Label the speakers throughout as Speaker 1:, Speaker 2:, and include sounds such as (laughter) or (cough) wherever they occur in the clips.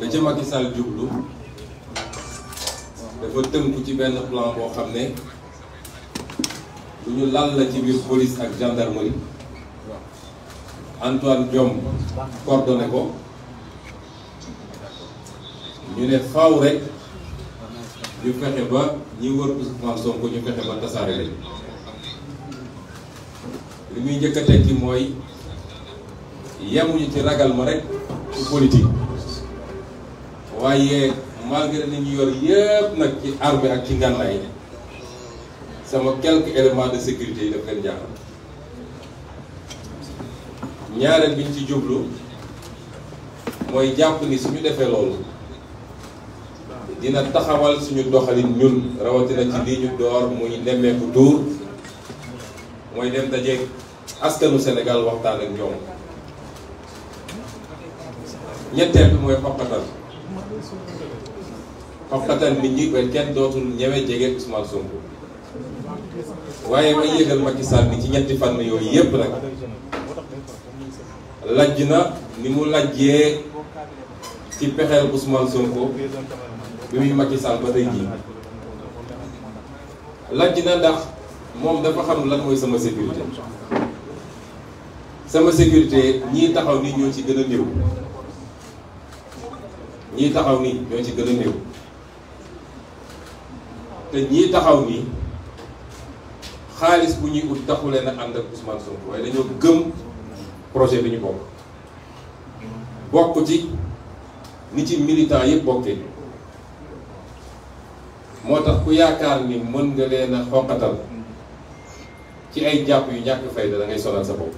Speaker 1: la ca Macky Sall jublu dafa tënku ci benn plan boo xam ne lu ñu lal la ci biir police ak gendarmerie Antoine Diome coordonné ko ñu ne faaw rek ñu fexe ba ñi wër Ousmane Sonko ñu fexe ba tasaare lañ li muy njëkk a tekki mooy yemuñu ci ragal ma rek ci politique waye malgré ni ñu yor yépp nak ci armée ak ci ngannaay sama quelques éléments de sécurité yi daf leen jaaxal ñaareel bi ci djublu moy japp ni suñu défé lool dina taxawal suñu doxalin ñun na ci li ñu door muy ko tour moy dem dajé askanu Sénégal waxtaan ak ñoom ñetteel moy papatal xafxatal nit ñi ba kenn dootul ñeme jege Ousmane Sonko
Speaker 2: waaye may yëgal Macky Sall ni ci ñetti fànn yooyu
Speaker 1: yépp nag lajj na ni mu lajjee ci pexeel Ousmane Sonko bi muy Macky Sall ba tey jii lajj na ndax moom dafa xam lan mooy sama sécurité sama sécurité ñii taxaw ni ñoo ci gën a néew ñi taxaw ni ñoo ci gëna a néew te ñii taxaw ni xaaliss bu ñuy ut taxu leen a ak Ousmane Sonko way dañoo gëm projet bi ñu bokk bokku ci ni ci militant yëpp bokké motax ku yaakaar ni mën nga leen a xoqatal ci ay jàpp yu ñàkk fayda da ngay sonal sa bopp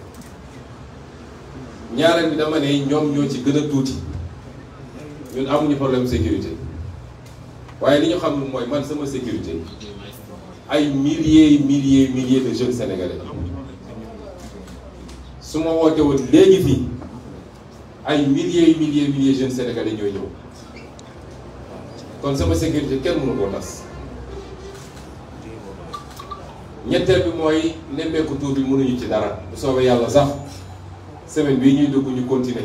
Speaker 1: ñaareel bi dama ne ñoom ñoo ci gën a tuuti ñun amuñu problème sécurité waaye li ñu xam mooy man sama sécurité ay milliers milliers milliers de jeunes sénégalais su ma woote woon léegi fii ay milliers milliers milliers jeunes sénégalais ñooy ñëw kon sama sécurité kenn mënu koo tas ñetteel bi mooy nemmeeku tuur bi mënuñu ci dara bu sax semaine bii ñuy dugg ñu continuer.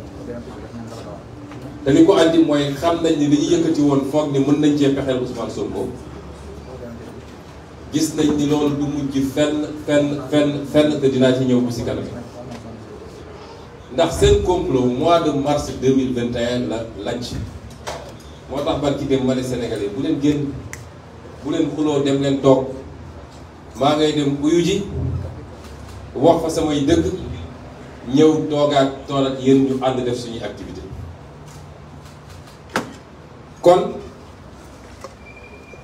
Speaker 1: te li ko andi mooy xam nañ ni li ñu yëkkati woon foog ni mën nañ cee pexeel Ousmane Sonko gis nañ ni loolu du mujj fenn fenn fenn fenn te dinaa ci ñëw bi si kanam ndax seen complot mois de mars 2021 la lacc moo tax barki dem ma ne Sénégalais bu leen génn bu leen xuloo dem leen toog maa ngay dem uyu ji wax fa samay dëgg ñëw toogaat tool ak ñu ànd def suñuy activité kon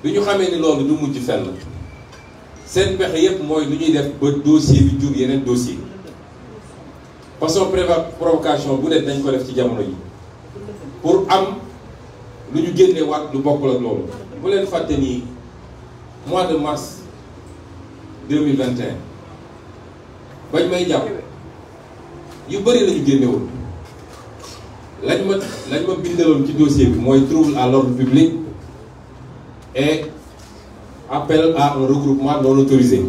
Speaker 1: bi ñu xamee ni loolu du mujj fenn seen pexe yépp mooy lu ñuy def ba dossier bi jur yeneen dossier façon provocation bu ne dañ ko def ci jamono yi pour am lu ñu génne waat lu bokkul ak loolu bu leen fàtte nii mois de mars 2021 bañ may jàpp yu bëri la ñu lañ ma lañ ma bindaloon ci dossier bi trouble à l'ordre public et appel à un regroupement non autorisé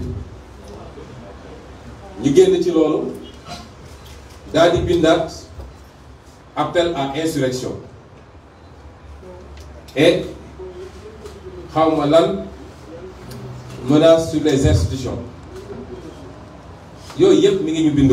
Speaker 1: ñu génn ci loolu daal di appel à insurrection et xawma menace sur les institutions Yo, yep, mi ngi ñu bind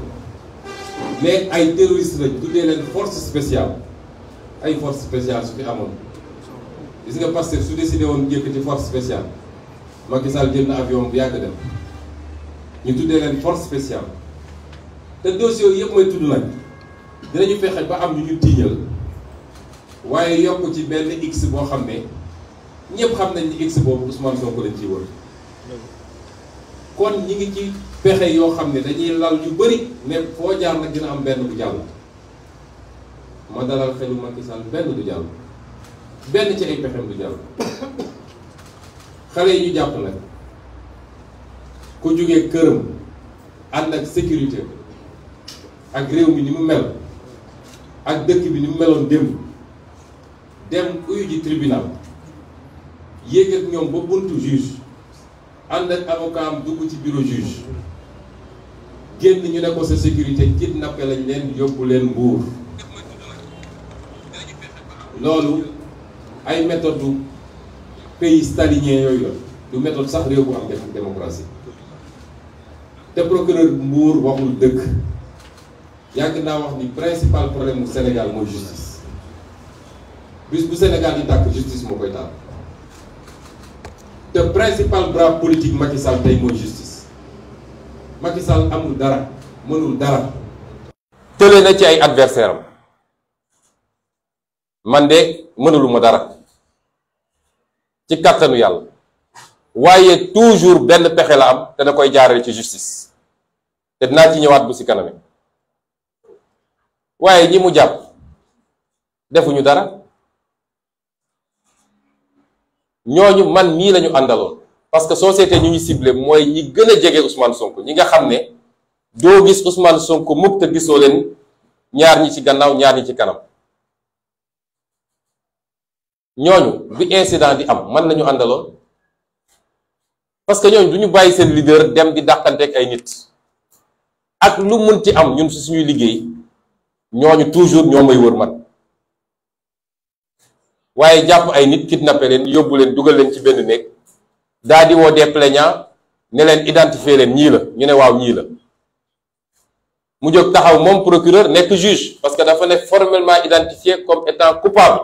Speaker 1: mais ay terroriste lañ tuddee leen force spéciale ay force spéciale su fi amoon gis nga pasteur su décidé woon yëkkati force spéciale Macky Sall jël na avion bu yàgg dem ñu tuddee leen force spéciale te dossier yooyu yëpp may tudd nag dinañu fexe ba am ñu ñu tiiñal waaye yokk ci benn x boo xam ne ñëpp xam nañ ni x boobu Ousmane Sonko lañ ciy wër kon ñi ngi ci pexé yo xamné dañuy lal yu bari né fo jaar nag dina am benn bu jall ma dalal xéñu Macky Sall benn du jall benn ci ay pexé du jall xalé yu japp nak ku juggé kërëm and ak sécurité ak réew mi ni mu mel ak dëkk bi ni mu meloon dem dem uyu ji tribunal yéeg ak ñoom ba buntu juge and ak avocat am dugg ci bureau juge génn ñu ne ko sa sécurité kidnappé lañ leen yóbbu leen mbuur loolu ay méthode du pays stalinien yooyu la du méthode sax réew bu am def démocratie te procureur mbuur waxul dëgg yàgg naa wax ni principal problème mu Sénégal mooy justice bu Sénégal di tàkk justice moo koy taal te principal bras politique Macky Sall tey mooy justice Macky Sall amul dara mënul dara. tële na ci ay adversaire am man de mënuluma dara ci kàttanu yàlla waaye toujours benn pexe la am te koy jaarale ci justice te naa ci ñëwaat bu si kaname waaye ñi mu jàpp defuñu dara ñooñu man mii lañu àndaloon parce que société ñu ngi ciblé mooy ñi gën a jege Ousmane Sonko ñi nga xam ne doo gis Ousmane Sonko mukk te gisoo leen ñaar ñi ci gannaaw ñaar ci kanam ñooñu bi incident di am mën nañu àndaloon parce que ñooñu du ñu bàyyi seen leader dem di dàqanteeg ay nit ak lu mun ci am ñun si suñuy liggéey ñooñu toujours ñoo may wër man waaye jàpp ay nit kidnappé leen yóbbu leen dugal leen ci benn néeg daa wo woo des plaignants ne leen identifier leen ñii la ñu né waaw ñi la mu jóg taxaw mom procureur nek juge parce que dafa né formellement identifié comme étant coupable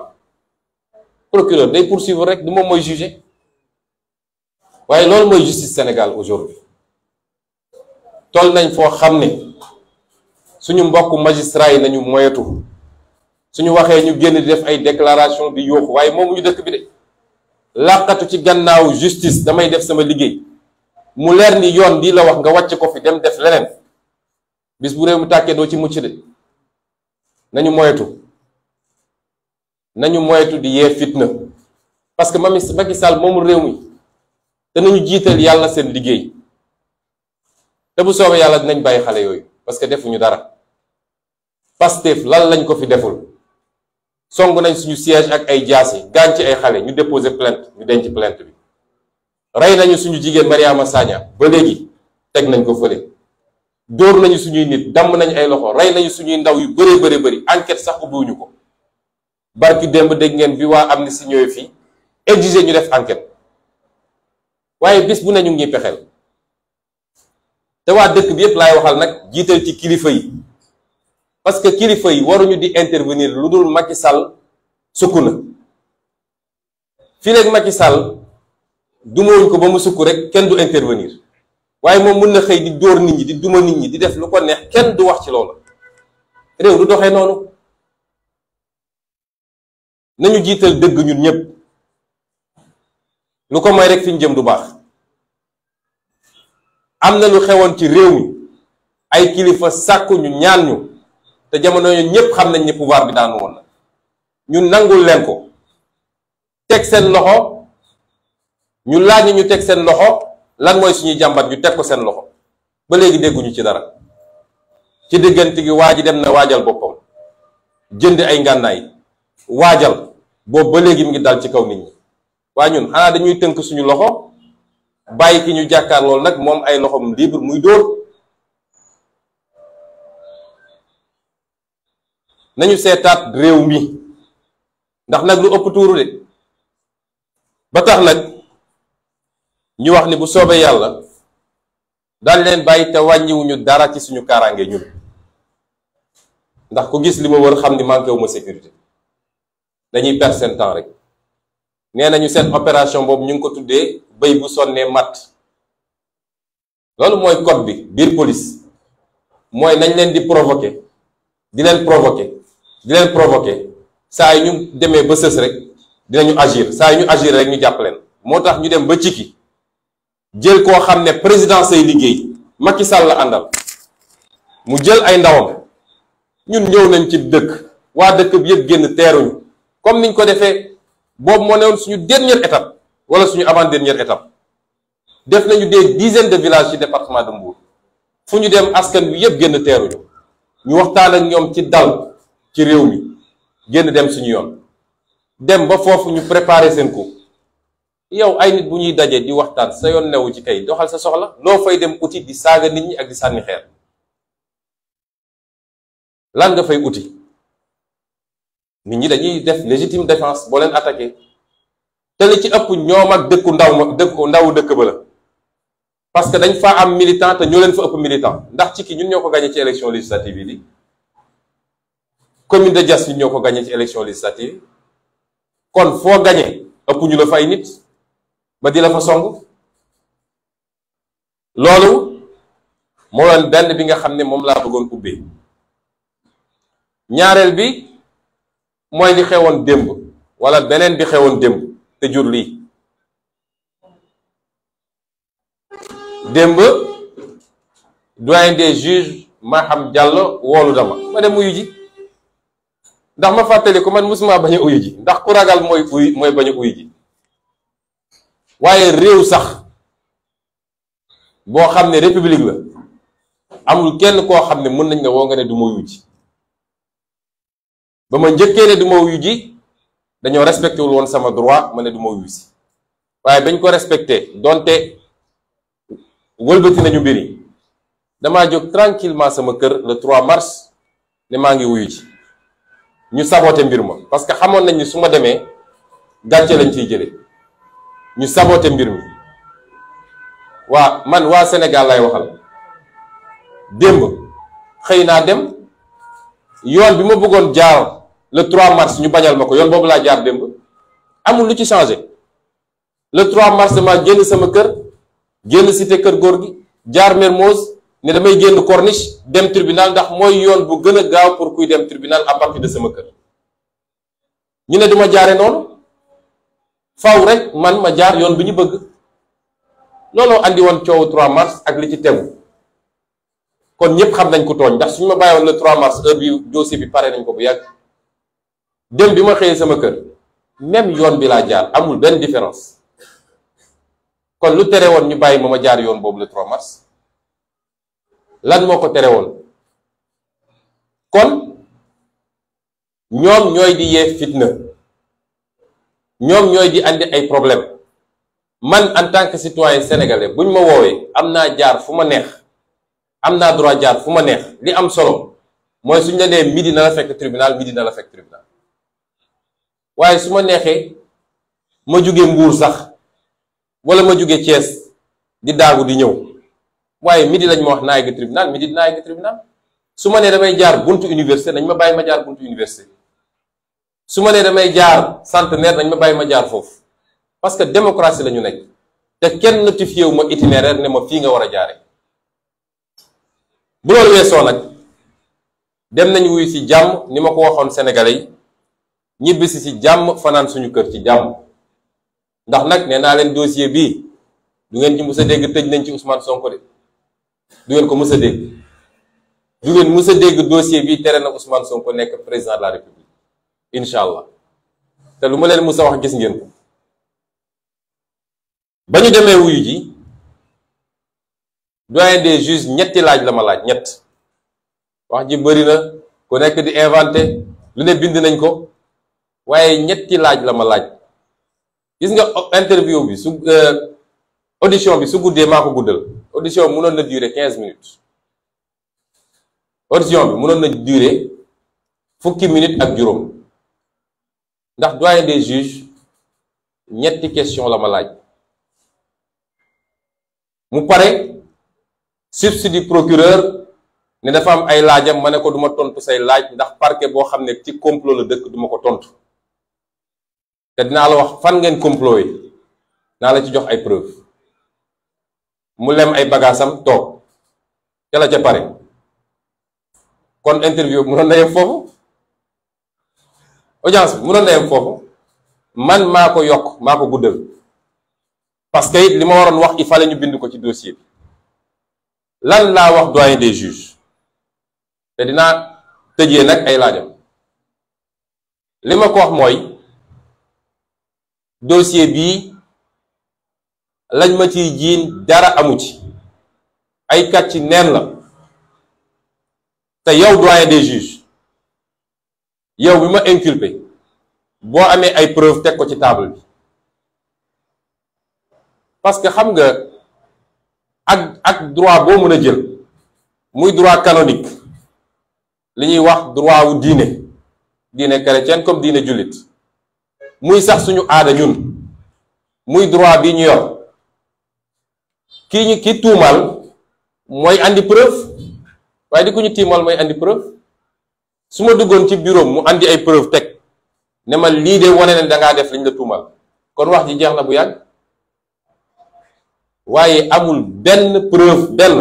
Speaker 1: procureur day poursuivre rek du moom mooy juger waye lool moy justice Sénégal aujourd'hui tol nañ fo xamné suñu mbokk magistrat yi nañu moyetu suñu waxé ñu génn di def ay déclaration di waye waaye ñu dëkk bi de làqatu ci gannaaw justice damay def sama liggéey mu leer ni yoon lii la wax nga wàcce ko fi dem def leneen bis bu réew mi tàkkee doo ci mucc de nañu moyetu nañu moytu di yee fitna parce que mami Macky Sall moomul réew mi danañu jiital yàlla seen liggéey te bu soobee yàlla dinañ bàyyi xale yooyu parce que defuñu dara Pastef lan lañ ko fi deful song nañ suñu siège ak ay jaase gaañ ci ay xale ñu déposé plainte ñu denc plainte bi rey nañu suñu jigéen Mariama Sagna ba léegi teg nañ ko fële dóor nañu suñuy nit damm nañ ay loxo rey nañu suñuy ndaw yu bëree bëri bëri enquête sax ubbiwuñu ko barki démb dégg ngeen bi waa Amnesty ñëwee fii exiger ñu def enquête waaye bis bu ne ngi pexeel te waa dëkk bi yëpp laay waxal nag jiital ci kilifa yi. parce que kilifa yi waruñu di intervenir lu dul Macky Sall sukk na fii léegi sàll Sall ko ba mu sukk rek kenn du intervenir waaye moom mën na xëy di dóor nit ñi di duma nit ñi di def lu ko neex kenn du wax ci loola réew du doxee noonu nañu jiital dëgg ñun ñëpp lu ko may rek fi ñu jëm du baax am na lu xewoon ci réew mi ay kilifa sàkku ñu ñaan ñu. te jamono yooyu ñëpp xam nañ ni pouvoir bi daanu woon na ñu nangul leen ko teg seen loxo ñu laaj ñu teg seen loxo lan mooy suñuy jàmbat ñu teg ko seen loxo ba léegi dégguñu ci dara ci diggante gi waa ji dem na waajal boppam jënd ay ngànnaay waajal boobu ba léegi mu ngi daal ci kaw nit ñi waaye ñun xanaa dañuy tënk suñu loxo bàyyi ki ñu jàkkaar loolu nag moom ay loxom libre muy dóor nañu sétat réew mi ndax nak lu ëpp touru de ba tax nak ñu wax ni bu soobé yalla dal leen té wañi wuñu dara ci suñu karangé ñun ndax ku gis li ma wër xamni manké wu ma sécurité dañuy perdre sen temps rek nee nañu opération bobu ñu ko tuddé bay bu sonné mat lolu moy code bi bir police moy nañ leen di provoquer di leen provoquer di provoquer Ça yi ñu demee ba sës rek dinañu agir Ça yi ñu agir rek ñu jàpp leen moo tax ñu dem ba ci ki jël koo xam président say liggéey Macky Sall la àndal mu jël ay ndawam ñun ñëw nañ ci dëkk waa dëkk bi yëpp génn teeruñu comme niñ ko defee Bob moo newoon suñu dernière étape wala suñu avant dernière étape def nañu des dizaines de villages ci département de Mbour Fuñu dem askan bi yëpp genn teeruñu ñu waxtaan ak ñom ci dal ci réew dem suñu yoon dem ba foofu ñu préparer coup yow ay nit bu ñuy di waxtaan sa newu ci doxal sa soxla fay dem uti di saaga nit ñi ak di sànni lan nga fay uti nit ñi def légitime défense boo leen attaqué te li ci ëpp ñoom ak dëkku ndaw ma dëkku parce que dañ fa am militant militant ndax ci ki législative commune de Diass ñoo ko gagné ci élection législative kon fo gagné ëpp ñu la fay nit ba di la fa songu lolu mo lan benn bi nga xam mom la bëggoon ubbé ñaarël bi moy li xewon demb wala benen bi xewon demb te jur li demb doyen des juges Maham Diallo woolu dama ma dem ndax ma fàttali ko man musuma baña uyu ji ndax ku ragal moy uy moy baña uyu ji waye rew sax bo xamne ne la amul kenn ko xamne mën nañ nga wo nga ne du uyu ji bama ma ne du uyu ji dañu respecté wul won sama droit mané ne du ma uyu ci waye bañ ko respecté donte wëlbati nañu mbir dama jog tranquillement sama kër le 3 mars ne mangi ngi wuyu ji ñu saboté mbir ma parce que xamoon nañ ni su ma demee gàcce lañ ciy jëlee ñu saboté mbir mi waa man waa Sénégal lay waxal démb xëy naa dem yoon bi ma bëggoon jaar le 3 mars ñu bañal ma ko yoon boobu laa jaar démb amul lu ci changé le 3 mars ma génn sama kër génn cité kër góor gi jaar Mermoz ne damay génn corniche dem tribunal ndax mooy yoon bu gën a gaaw pour kuy dem tribunal à partir de sama kër ñu ne duma jaare noonu faaw rek man ma jaar yoon bi ñu bëgg looloo indi woon coow 3 mars ak li ci tegu kon ñëpp xam nañ ko tooñ ndax suñu ma bàyyi la le 3 mars heure bi dossier bi pare nañ ko bu yàgg dem bi ma xëyee sama kër même yoon bi laa jaar amul benn différence kon lu tere woon ñu bàyyi ma ma jaar yoon boobu le 3 mars lan moo ko terewoon kon ñoom ñooy di yee fitna ñoom ñooy di andi ay problème man en tant que citoyen sénégalais buñ ma woowee am naa jaar fu ma neex am naa droit jaar fu ma neex li am solo mooy suñ la nee midi na la fekk tribunal midi na la fekk tribunal waaye su ma neexee ma jóge Mbuur sax wala ma jóge Thiès di daagu di ñëw waye midi lañ ma wax naay ga tribunal midi naay ga tribunal suma ma damay jaar buntu université nañ ma bàyyi ma jaar buntu université suma ma damay jaar centenaire nañ ma bàyyi ma jaar fof parce que démocratie lañu nek te kenn notifié wu ma itinéraire ne ma fi nga wara jaaré bu loolu weesoo nak dem nañ wuy ci jamm ni ma ko waxoon sénégalais ñibisi ci jamm fanane suñu kër ci jamm ndax nak né na len dossier bi du ngeen ci mës dégg tejj nañ ci Ousmane Sonko de du ngeen ko mës a dégg du ngeen mës a dégg dossier bi tere na Ousmane Sonko nekk président de la République incha allah te lu ma leen mës a wax gis ngeen ko ba ñu demee wuyu ji doyen des juges ñetti laaj la ma laaj ñett wax ji bëri na ku nekk di inventé lu ne bind nañ ko waaye ñetti laaj la ma laaj gis nga interview bi su euh, audition bi su guddee maa ko guddal audition bi na durer 15 minutes audition bi mënoon na durer fukki minutes ak juróom ndax doyen des juges ñetti question la ma laaj mu paré substitut procureur né dafa am ay laajam mané ko duma tontu say laaj ndax parquet bo xamné ci complot la dëkk duma ko tontu te dina la wax fan ngeen complot yi na la ci jox ay preuves mu lem ay bagaasam toog ca la ca pare kon interview munoon na yem foofu audience bi munoon na yem foofu man maa ko yokk maa ko guddal parce que it li ma waroon wax il fallait ñu bind ko ci dossier bi lan laa wax doyen de juges te dinaa tëjee nag ay laajam li ma ko wax mooy dossier bii lañ ma ciy jiin dara amu ci ay kàcc ci neen la te yow doyen des juges yow bi ma inculpé boo amee ay preuve teg ko ci table bi parce que xam nga ak ak droit boo mën a jël muy droit canonique li ñuy wax droit wu diine diine chrétienne comme diine jullit muy sax suñu aada ñun muy droit bi ñu yor ki ñu ki tuumaal moy andi preuve way di ku ñu timal moy andi preuve suma ma ci bureau mu andi ay preuve tek ne ma li de wonene da nga def liñ la tuumaal kon wax ji jeex la bu yag waye amul ben preuve ben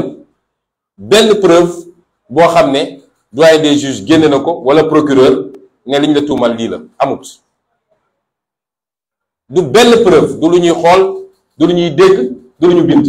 Speaker 1: ben preuve bo xamne ne doyen des juges génne nako ko wala procureur ne liñ la tuumal li la amut du ben preuve du luñuy xol du luñuy deg dégg du lu bint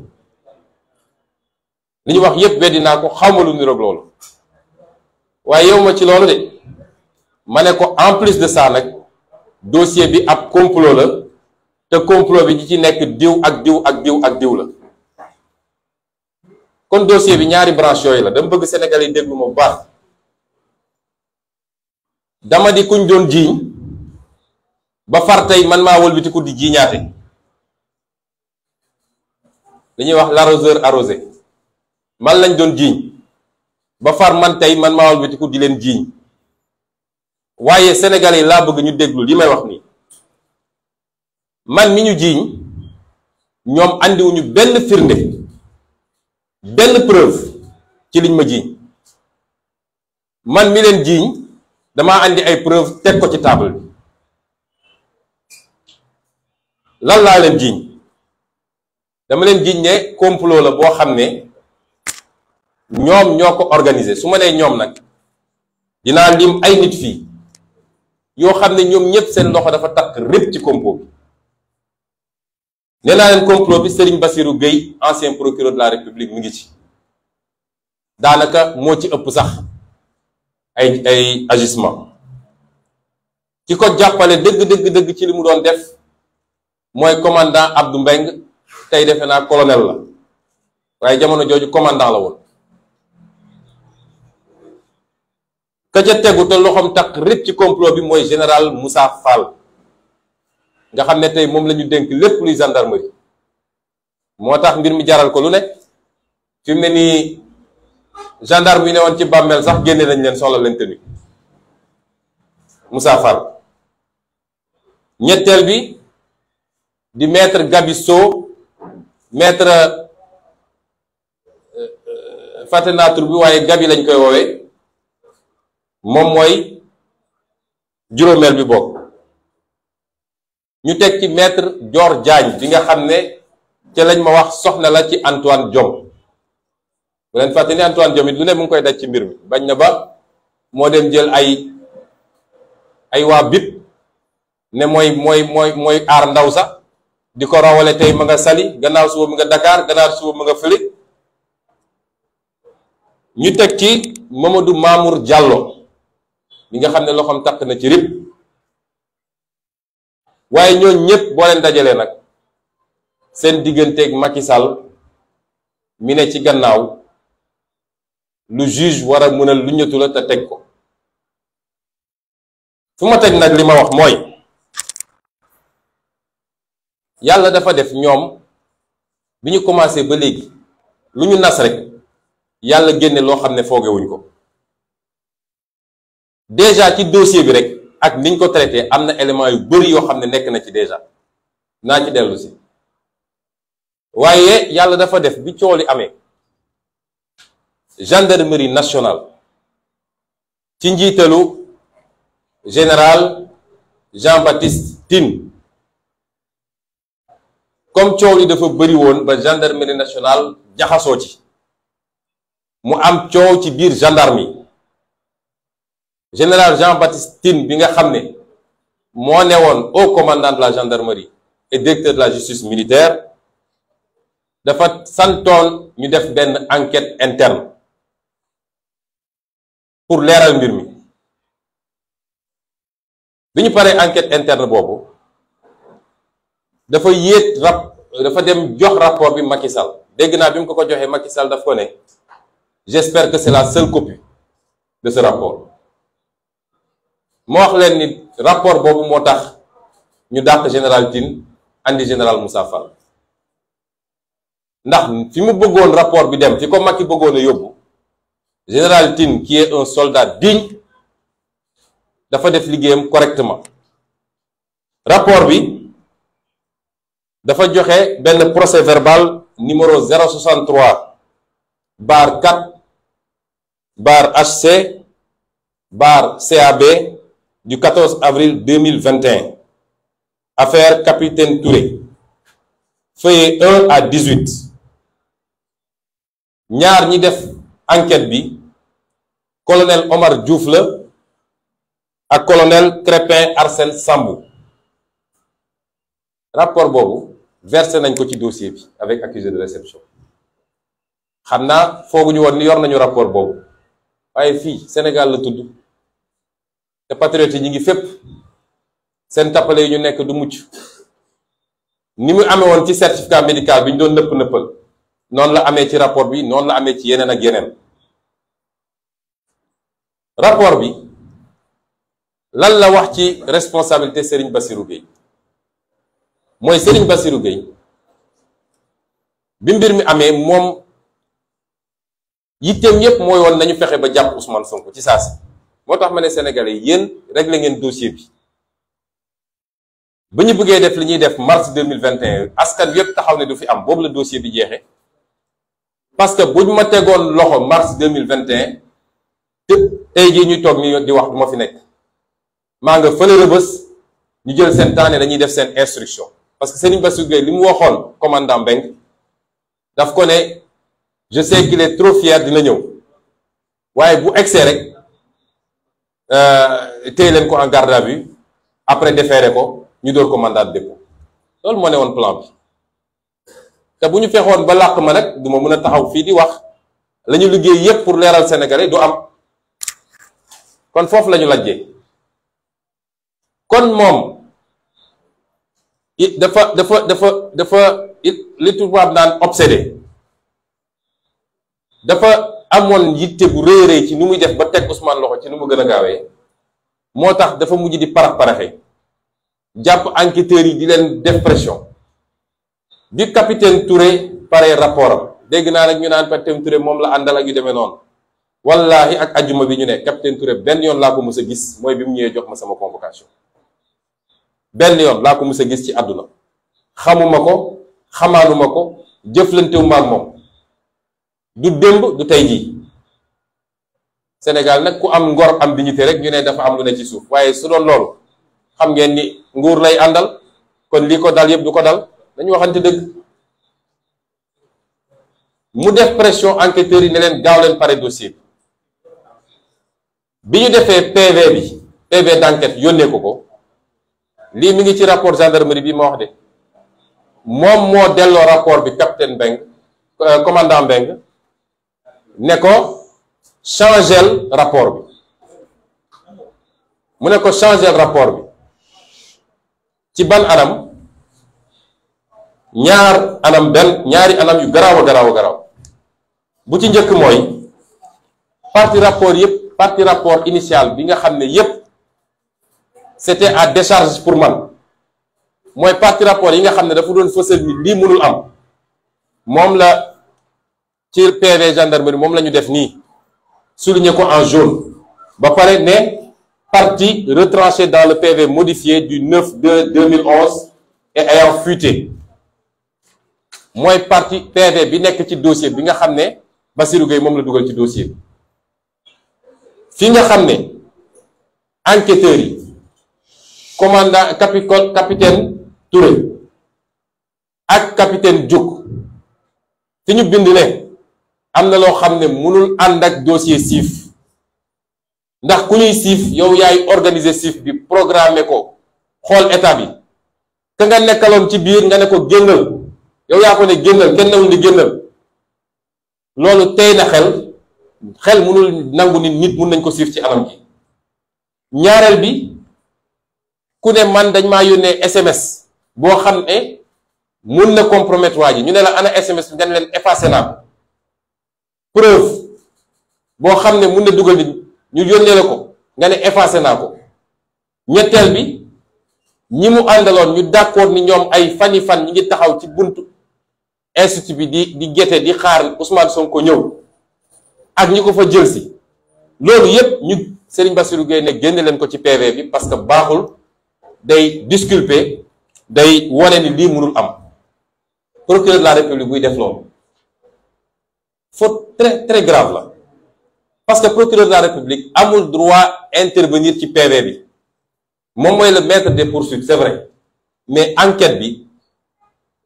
Speaker 1: li ñu wax yépp weddi naa ko xawma lu niroog loolu waaye yow ma ci loolu de ma ne ko en plus de ça nag dossier bi ab complot la te complot bi ñi ci nekk diw ak diw ak diw ak diw la kon dossier bi ñaari branche yooyu la dama bëgg Sénégal yi déglu ma bu baax dama di kuñ doon jiiñ ba far tey man maa wëlbatiku di jiiñaate li ñuy wax l'arroseur arrosé man lañ doon jiiñ ba far man tey man maa walbatiku di leen jiiñ waaye senegal yi laa bëgg ñu déglu li may wax nii man mi ñu jiiñ ñoom andiwuñu benn firnde benn preuve ci liñ ma jiiñ man mi leen jiiñ dama andi ay preuve teg ko ci table bi lal laa leen jiiñ dama leen jiiñ ne complot la boo xam ne ñoom ñoo ko organiser su ma nee ñoom nag dinaa lim ay nit fii yoo xam ne ñoom ñëpp seen loxo dafa takk rëpp ci complot bi nee naa leen complot bi Serigne Bassirou Gueye ancien procureur de la République mu ngi ci daanaka moo ci ëpp sax ay ay agissement ki ko jàppale dëgg dëgg dëgg ci li mu doon def mooy commandant Abdou Mbeng tey defe naa colonel la waaye jamono jooju commandant la woon ka ca tegu te loxoom tax rëcc ci complot bi mooy général Moussa Fall nga xam ne tey moom la ñu dénk lépp luy gendarmerie moo tax mbir mi jaral ko lu ne fi mu ne nii gendarme yi ne woon ci bàmmeel sax génne nañ leen soxla leen tenue Moussa Fall ñetteel bi di maître Gabi soo maître euh,
Speaker 2: euh,
Speaker 1: fàtte naa bi waaye Gabi lañ koy woowee mom moy juromel bi nyuteki ñu tek ci maître Dior jañ bi nga xamné ne lañ ma wax soxna la ci Antoine Diome bu len fàtte ni Antoine Diome it lu ne mu ngi koy daj ci mbir bañ na ba mo dem jël ay ay wa bip ne moy moy moy moy ar ndaw sa diko rawale ma nga sali gannaaw suu mu nga Dakar gannaaw suu mu nga ñu tek ci Mamadou Mamour Diallo li nga xam ne loxoom takk na ci rib waaye ñooñ ñépp boo leen dajalee nag seen digganteeg Macky Sall mi ne ci gannaaw lu juge war a mën a lu ñëtu la teg ko fu ma teg nag li ma wax mooy yàlla dafa def ñoom bi ñu commencé ba léegi lu ñu nas rek yàlla génne loo xam ne foogewuñ ko déjà ci dossier bi rek ak niñ ko traité am na élément yu bëri yoo xam ne nekk na ci déjà naa ci dellu waaye yàlla dafa def bi li amee gendarmerie nationale ci njiitalu général Jean-Baptiste Tine comme coow li dafa bëri woon ba gendarmerie nationale jaxasoo ci mu am coow ci biir gendarmerie général Jean-Baptiste Tine qui nga le commandant de la gendarmerie et directeur de la justice militaire a fait ñu def enquête interne pour leeral mbir mi bi ñu enquête interne nous dafa fait rap dafa rapport bi Macky Sall dégg ko ko Macky j'espère que c'est la seule copie de ce rapport mo wax len ni rapport bobu motax ñu dakk général tin andi général musafal ndax fi mu bëggoon rapport bi dem fi ko makki bëggoon yobbu general tin qui est un soldat digne dafa def ligéem correctement rapport bi dafa joxe ben procès verbal numéro 063 bar 4 bar HC bar CAB du 14 avril 2021. Affaire Capitaine Touré. Feuillet 1 à 18. ñaar Nidef def enquête colonel Omar Djoufle et colonel Crépin Arsène Sambou. rapport Bobo versé dans ko dossier avec accusé de réception faut ni rapport Bobu. Sénégal te patriote yi ñu ngi fépp seen tappale yi ñu nekk du mucc ni mu amee woon ci certificat médical bi ñu doon nëpp nëppal noonu la amee ci rapport bi noonu la amee ci yeneen ak yeneen rapport bi lan la wax ci responsabilité Serigne Bassirou Gueye mooy Serigne Bassirou Gueye bi mbir mi amee moom yitteem yépp mooy woon nañu fexe ba jàpp Ousmane Sonko ci saa si motax mané sénégalais ne sénégalais yéen réglé ngeen dossier bi ba ñu def li ñuy def mars 2021 askan yépp taxaw né du fi am bobu le dossier bi jéxé parce que buñu ma téggone loxo mars 2021 te tey jii ñuy toog ni di wax du fi nekk ma nga fële rebeus ñu jël sen temps dañuy def sen instruction parce que Serigne bassou Gueye limu mu commandant Beng, daf ko né je sais qu'il est trop fier dina ñëw waye bu excès rek euh, téye leen ko en garde à vue après déféré ko ñu door ko mandat de dépôt loolu moo ne woon plan bi te bu ñu fexoon ba làq ma nag du ma mën a taxaw fii di wax la ñu liggéey pour leeral Sénégalais du am kon fof lañu ñu kon mom dafa dafa dafa dafa it li tubaab naan obsédé dafa amone yitte bu rëy rëy ci numuy def ba tek Ousmane loxo ci numu gëna gaawé motax dafa mujj di parax paraxé japp enquêteur yi di len def pression bi capitaine Touré pare rapport dégg na nak ñu naan capitaine Touré mom la andal ak yu démé non wallahi ak aljuma bi ñu né capitaine Touré ben yoon la ko mësa gis moy bi mu ñëwee jox ma sama convocation ben yoon la ko mësa gis ci xamuma ko ko du démb du tey jii Sénégal nag ku am ngor am dignité rek ñu ne dafa am lu ne ci suuf waaye su doon loolu xam ngeen ni nguur lay àndal kon lii ko dal yëpp du ko dal dañu waxante dëgg mu def pression enquêteurs yi ne leen gaaw leen pare dossier bi ñu defee PV bi PV d'enquête yónnee ko ko lii mu ngi ci rapport gendarmerie bi ma wax de moom moo delloo rapport bi capitaine Mbengue euh, commandant Mbengue ne ko changel rapport bi mu ne ko changel rapport bi ci ban anam ñaar anam benn ñaari anam yu garaaw a garaw bu ci njëkk mooy parti rapport yëpp parti rapport initial bi nga xam ne yëpp c'était à décharge pour man mooy parti rapport yi nga xam ne dafa doon fësal ni lii mënul am moom la le PV gendarmerie mom la def ni souligné ko en jaune ba paré né partie retranchée dans le PV modifié du 9 2 2011 et ayant fuité Moi, parti PV bi petit ci dossier bi nga xamné Bassirou Gueye petit la duggal ci dossier Fin fi nga xamné enquêteur yi commandant capitaine Touré ak capitaine djouk fi ñu amna lo xamne xam ne mënul ànd ak dossier sif ndax ku ñuy yow yaay organiser sif bi programmer ko xol état bi ka nga nekkalon ci biir nga ne ko génnal yow ya ko ne génnal kenn newul di génnal loolu tey na xel xel mënul nangu nit nit mun nañ ko sif ci anam gi ñaaral bi ku ne man dañ ma yone SMS bo xamne ne mun na compromettre waji ñu ne la ana SMS dañ nga leen ko preuve xamne mu ne mun dugal nit ñu yonne lako ko nga ne effacer nako ko bi ñi mu andalon ñu d'accord ni ñom ay fani fan ñi ngi taxaw ci buntu institut bi di di di xaar Ousmane Sonko ñew ak ñi ko fa jël ci lolu yépp ñu Serigne Bassirou Gueye ne génne leen ko ci PV bi parce que baxul day disculper day woné ni li mënul am procureur de la république buy def lolu faute très très grave là. parce que le procureur de la république a le droit d'intervenir sur le PV Moi, je suis le maître des poursuites c'est vrai mais enquête bi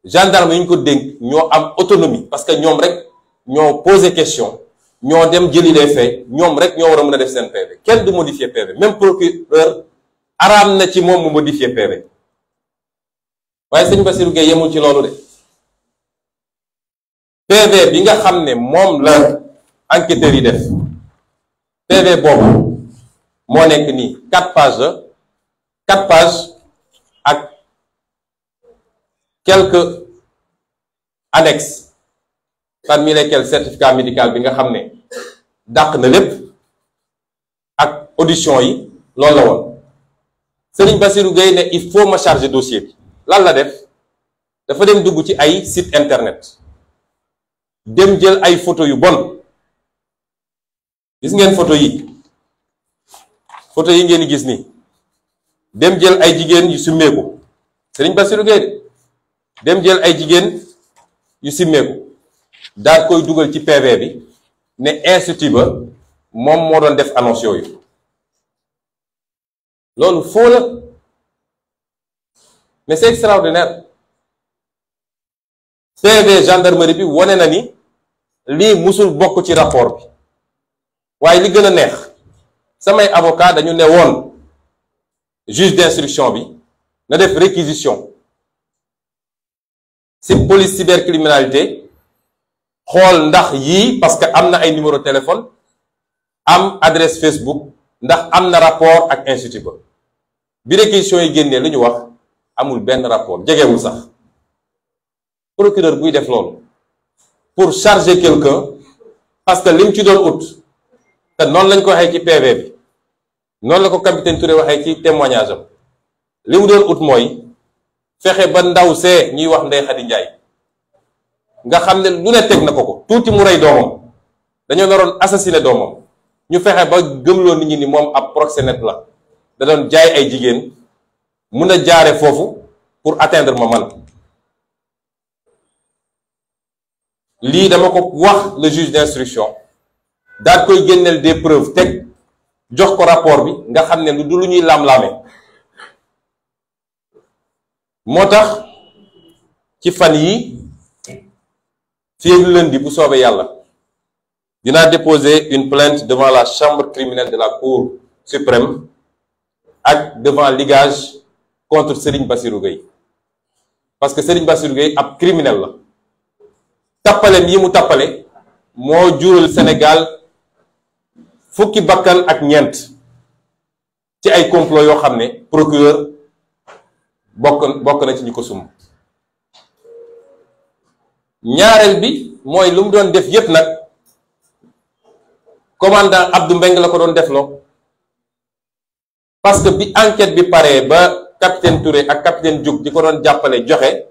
Speaker 1: gendarme ont ñu autonomie parce que nous rek posé des questions, nous dem jëli les faits Ils rek ñoo war a mën def seen PV Quel du modifier PV même procureur araam na ci moom modifier PV Vous Gueye ci PV bi nga xamné mom la enquêteur yi def PV boobu mo nek ni quatre pages 4 quatre pages ak quelques annexes parmi lesquels certificat médical bi nga xamné ne na lepp ak audition yi loolu la woon Serigne Bassirou Gueye ne il faut me charger dossier bi lan la def dafa dem dugg ci ay site internet dem jël ay photo yu bon gis ngeen photo yi photo yi ngeen gis ni dem jël ay jigéen yu simmeeku Serigne Bassirou Gueye dem jël ay jigéen yu simmeeku daal koy dugal ci PV bi ne institut ba moom moo doon def annonce yooyu loolu foo la extraordinaire CV gendarmerie bi woné na ni li musul bokk ci rapport bi waye li gëna a neex samay avocat dañu ne juge d'instruction bi na def réquisition c'est police cybercriminalité xol ndax yi parce que amna ay numéro téléphone am adresse Facebook ndax Amna rapport ak institut bi réquisition yi génnee lu wax amul ben rapport jegewul sax procureur buy def loolu pour charger quelqu'un parce que lim ci doon ut te noonu lañ ko waxee ci PV bi noonu la ko capitaine Touré waxee ci témoignage am li mu doon ut mooy fexe ba ndaw see ñuy wax Ndeye Khady Ndiaye nga xam ne lu ne teg na ko ko tuuti mu rey doomam dañoo naroon assassiné doomam ñu fexe ba gëmloo nit ñi ni moom ab proxénète la da doon jaay ay jigéen mun a jaare foofu pour atteindre ma man li dama ko wax le juge d'instruction daal koy génneel des preuves teg jox ko rapport bi nga xam ne du lu ñuy laam qui moo tax ci fan yi fii lundi bu soobee yàlla dinaa déposé une plainte devant la chambre criminelle de la cour suprême ak devant ligage contre Serigne Bassirou Gueye parce que Serigne Bassirou Gueye ab criminel la tapale yi mu tappale mo jural senegal fukki bakkan ak ñent ci ay complot yo xamne procureur bok bok na ci ñu sum ñaarel bi moy lu doon def yef nak commandant Abdou mbeng la ko doon def lo parce que bi enquête bi paré ba capitaine Touré ak capitaine djouk di doon jappalé joxé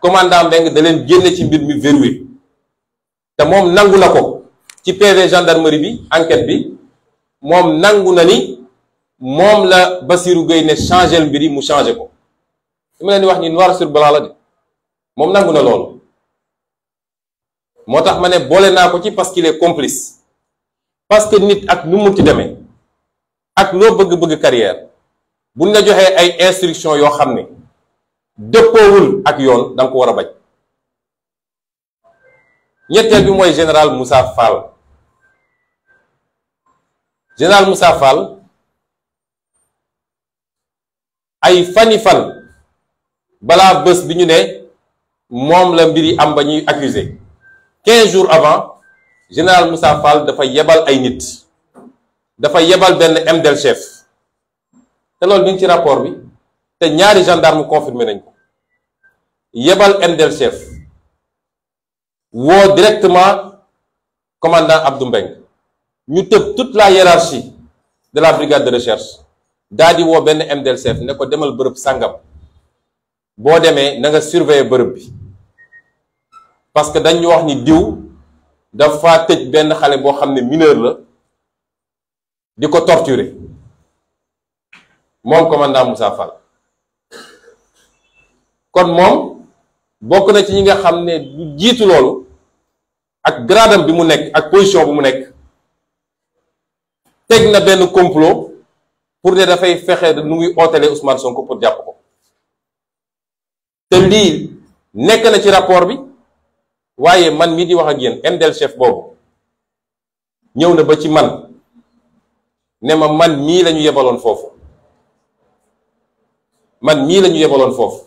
Speaker 1: commandant Mbengue da leen génne ci mbir mi verrouillé te mom nangu na ci PV gendarmerie bi enquête bi mom nangu na ni moom la Bassirou Gueye ne changer mbir mu changer ko li ma leen wax ni noir sur blanc la de mom nangu na loolu moo tax ma ne ci parce qu'il est complice parce que nit ak nu mu ti demee ak lo bëgg-bëgg carrière buñ la joxé ay instructions yo xamné dëppoowul ak yoon dang ko wara a bañ ñetteel bi moy général Moussa Fall général Moussa Fall ay fani fan bala bés bi ñu ne la mbiri am ba accusé quinze jours avant général Moussa Fall dafa yebal ay nit dafa yebal ben MDL chef té lool bi ci rapport bi te ñaari gendarme confirmé nañ ko yebal MDL chef directement commandant Abdou Mbengue ñu tëb toute la hiérarchie de la brigade de recherche daa di woo benn MDL ne ko demal bërëb sangam bo demee na nga surveiller bërëb bi parce que dañu wax ni diw da fa tej ben xalé bo xamné mineur la diko torturer mom commandant Moussa Fall kon mom bokku na ci ñi nga xamne ne du jiitu loolu ak gradam bi mu nek ak position bi mu nek tek na ben complot pour da fay fexé nu muy ootelee Ousmane Sonko pour japp ko te li nek na ci rapport bi waaye man mi di wax ak yeen MDL chef bobu ñew na ba ci man né ma man mi lañu yebalon fofu man mi lañu yebalon fofu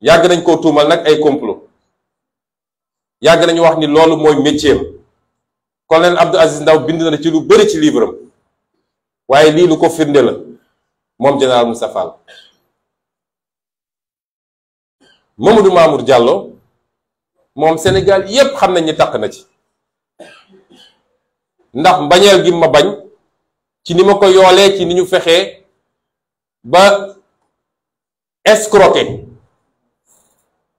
Speaker 1: yàgg nañ koo tuumal nag ay complot yàgg nañu wax ni loolu mooy métier colonel Abdou Aziz Ndaw bind na ci lu bari ci livre am waaye lii lu ko firnde la moom général Moussa Fall Mamadou Mamour Diallo moom Sénégal yépp xam nañ ni takk na ci ndax mbañeel gi ma bañ ci ni ma ko yoolee ci ni ñu fexee ba escroquer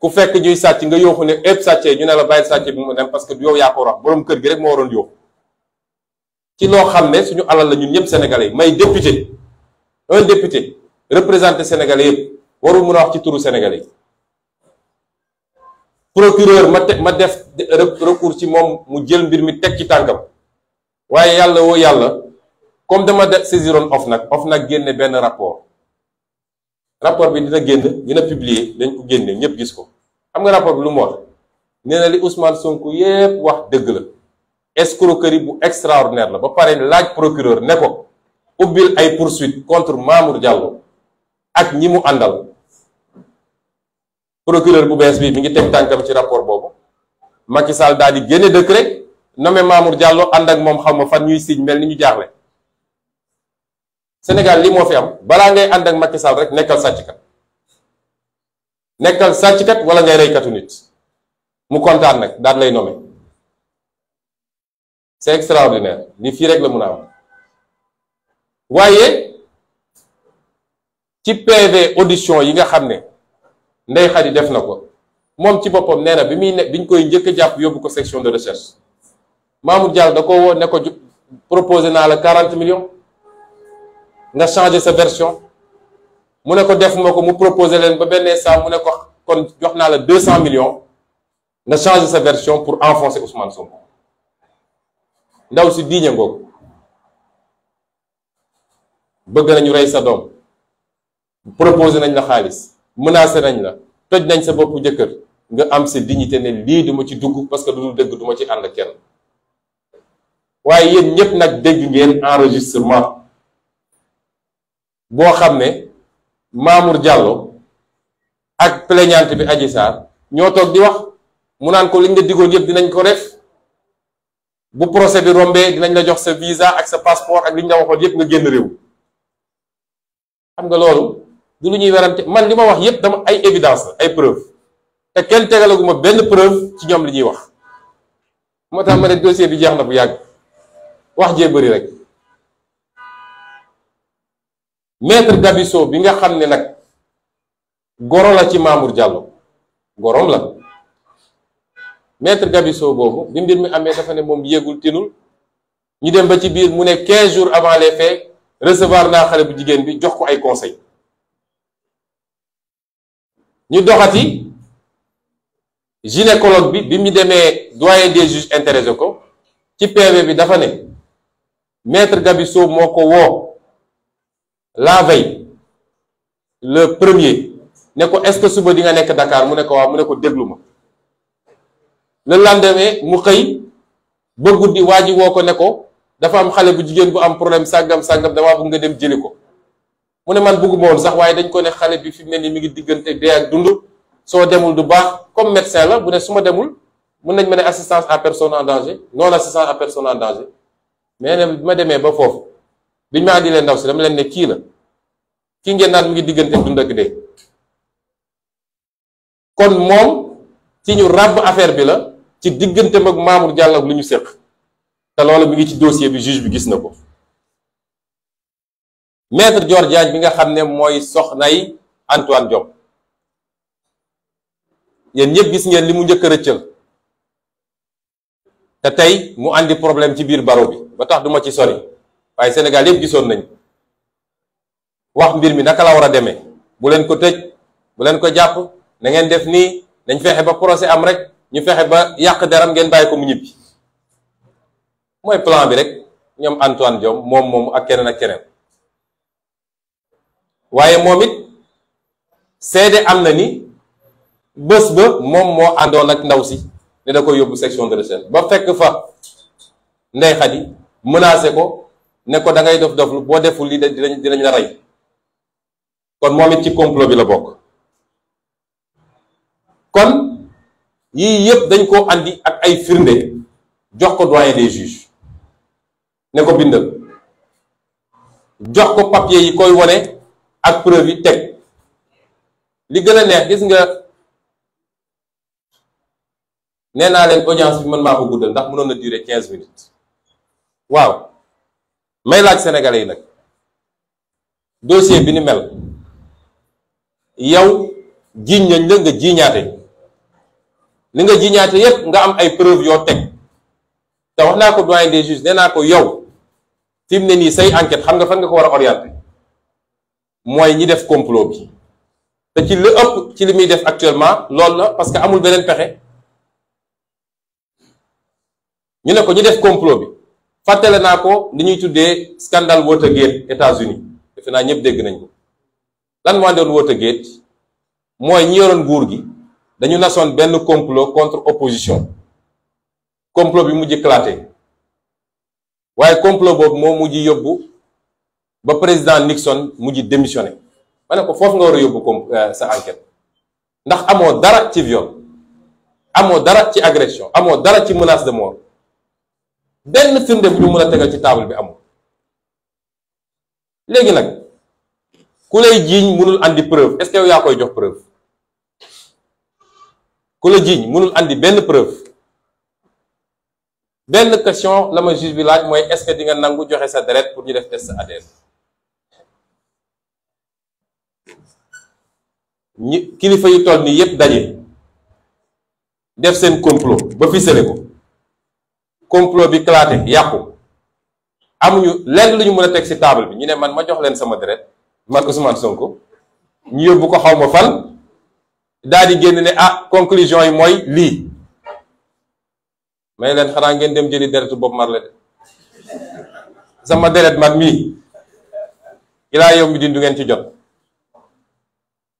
Speaker 1: ku fekk ñuy sàcc nga yooxu ne ëpp sàccee ñu ne la bàyyi sàcc bi mu dem parce que yow yaa ko wax borom kër gi rek moo waroon yooxu ci loo xam ne suñu alal la ñun ñëpp sénégalais may député un député représenté sénégalais yëpp waru mun a wax ci turu sénégalais procureur ma ma def recours ci moom mu jël mbir mi teg ci tànkam waaye yàlla woo yàlla comme dama of saisiroon of OFNAC génne benn rapport rapport bi dina genn dina publier dañ ko genné ñëpp gis ko xam nga rapport bi lu mo wax néna li Ousmane Sonko yépp wax dëgg la escroquerie bu extraordinaire la ba paré laaj procureur né ko ubil ay poursuite contre Mamour Diallo ak ñi mu procureur bu bees bi mi ngi tek tankam ci rapport bobu Macky Sall daal di génne décret nommé Mamour Diallo and ak mom xaw fan ñuy signe melni ñu jaxlé Sénégal li mo fi am bala ngay and ak Macky Sall rek nekkal kat nekkal kat wala ngay reykatu nit mu contane nak daan lay nommé c'est extraordinaire li fi rek la mun a am ci PV audition yi nga xamné ne xadi def nako mom ci bopom néna bi mi biñ koy njëkk japp jàpp ko section de recherche Mamour dial da ko wo ne ko proposer na la 40 millions a changé sa version mu ne ko def mako mu proposé len ba version saa mu ne ko kon jox 200 la millions nga changé sa version pour enfoncer Ousmane Sonko ndaw si diñe ngoogu bëgg nañu rey sa doom proposé nañ la xaliss menacé nañ la toj nañ sa bopp jëkkër nga am sa dignité ne li duma ci dugg parce que du deug duma ci ànd kenn waye yeen la nak dégg ngeen enregistrement boo xam ne Mamour Diallo ak plaignante bi Adji Sarr ñoo toog di wax mu naan ko liñ la diggoon yëpp dinañ ko def bu procès bi rombee dinañ la jox sa visa ak sa passeport ak liñ la waxoon yëpp nga génn réew xam nga loolu du lu ñuy werante man li ma wax yëpp dama ay évidence la ay preuve te kenn tegalaguma benn preuve ci ñoom li ñuy wax moo tax ma ne dossier bi jeex na bu yàgg wax jee bëri rek maître Dabisso bi nga xam ne nag goro la ci Mamour Diallo gorom la maître Dabisso boobu bi mbir mi amee dafa ne moom yéegul tinul ñu dem ba ci biir mu ne 15 jours avant les faits recevoir naa xale bu jigéen bi jox ko ay conseil ñu doxati gynécologue bi bi mu demee doyen des juges intéressé ko ci PV bi dafa ne maître Dabisso moo ko woo la veille le premier ne ko est-ce que suba di nga nek Dakar mu ne ko waaw mu ne ko déglu le lendemain mu xey bo guddi waji woko ne ko dafa am xale bu jigéen bu am problème sàngam sàngam dama bu nga dem jëli mu ne man bëgguma woon sax waye dañ ko ne xale bi fi mu ne nii mi ngi diggante dee ak dundu so demul du baax comme médecin la bu ne suma demul mën nañ ma assistance à personne en danger non assistance à personne en danger mais ne ma demee ba foofu. biñ ma di len ndaw ci dama len ne ki la ki ngeen naan mi ngi diggante dund ak dee kon mom ci ñu rab affaire bi la ci diggante mak Mamour Diallo ak lu ñu séq te loolu mi ngi ci dossier bi juge bi gis nako maître Dior Diagne bi nga xam ne mooy Antoine diop yéen ñepp gis ngeen limu ñëk njëkk a tay mu andi problème ci bir baro bi ba tax duma ci sori waaye Sénégal yëpp gisoon nañ wax mbir mi naka la war a demee bu leen ko tëj bu leen ko jàpp na def nii dañ fexe ba procès am rek ñu fexe ba yàq deram ngeen bàyyi ko mu ñibbi mooy plan bi rek ñoom Antoine Diome moom moom ak keneen ak keneen waaye moom it seede am na ni bés ba moom moo àndoon ak ndaw si ne da ko yóbbu section de recherche ba fekk fa Ndeye Khady menacé ko ne ko da ngay dof doflu boo deful lii dinañ dinañ la rey kon moom it ci complot bi la bokk kon yii yëpp dañ koo andi ak ay firnde jox ko doyen des juges ne ko bindal jox ko papier yi koy wone ak preuve yi teg li gën a neex gis nga nee naa leen audience bi man maa ko guddal ndax mënoon na durer quinze minutes waaw may laaj sénégalais nak dossier bi ni mel yow jiiñ la nga jiiñaate li nga jiiñaate yépp nga am ay preuve yo tek te wax ko doyen des juges nee naa ko yow fi mu ne say enquête xam nga fan nga ko wara a orienté mooy ñi def complot bi te ci le upp ci limi def actuellement lool la parce que amul benen pexé ñu né ko ñi def complot bi fàttale naa ko li ñuy tuddee scandale Watergate États-Unis defe naa ñëpp dégg nañ ko lan moo mooy ñi yoroon nguur gi dañu nasoon benn complot contre opposition complot bi mujj éclaté waaye complot boobu moo mujj yóbbu ba président Nixon mujj démissionné ma ne ko foofu nga war a yóbbu comme euh, sa enquête ndax amoo dara ci viol amoo dara ci agression amoo dara ci menace de mort benn firnde bu ñu mën a tegal ci taabal bi amul léegi nag ku lay jiiñ mënul àndi preuve est yaa koy jox preuve ku la jiiñ mënul andi benn preuve benn question la ma juge bi laaj mooy est-ce di nga nangu joxe sa deret pour ñu def test ADN ñi kilifa yi toll nii yépp daje def seen complot ba ficelé ko. complot bi claté yàqu amuñu lenn lu ñu mën a teg ci table bi ñu ne man ma jox leen sama deret man Ousmane Sonko ñu yóbbu ko xaw ma fan daal di génn ne ah conclusion yi mooy lii may leen xanaa ngeen dem jëli deretu Bob Marley de sama deret man mii ilaa yow mi di du ngeen ci jot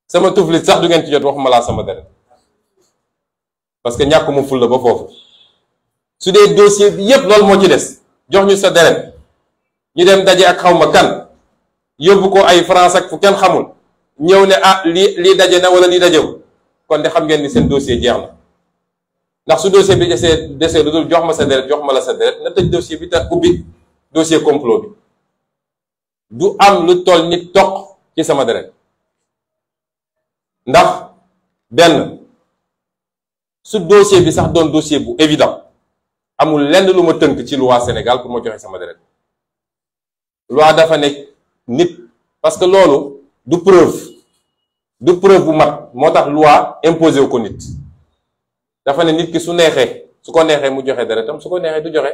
Speaker 1: sama tuflit sax du ngeen ci jot waxuma laa sama deret parce que ñàkkuma fulla ba foofu su dee dossier bi yépp loolu moo ci des jox ñu sa deret ñu dem daje ak xaw xawma kan yóbbu ko ay France ak fu kenn xamul ñëw ne ah lii lii daje na wala lii dajewul kon de xam ngeen ni seen dossier jeex na ndax su dossier bi desee desee lu dul jox ma sa jox ma la na tëj dossier bi te ubbi dossier complot bi du am lu toll ni toq ci sama deret ndax benn su dossier bi sax doon dossier bu évident amul lenn luma teunk ci loi Sénégal pour mo joxe sama deret loi dafa nek nit parce que lolu du preuve du preuve bu mat motax loi imposé ko nit dafa ne nit ki su nexé su ko nexé mu joxe deretam su ko nexé du joxe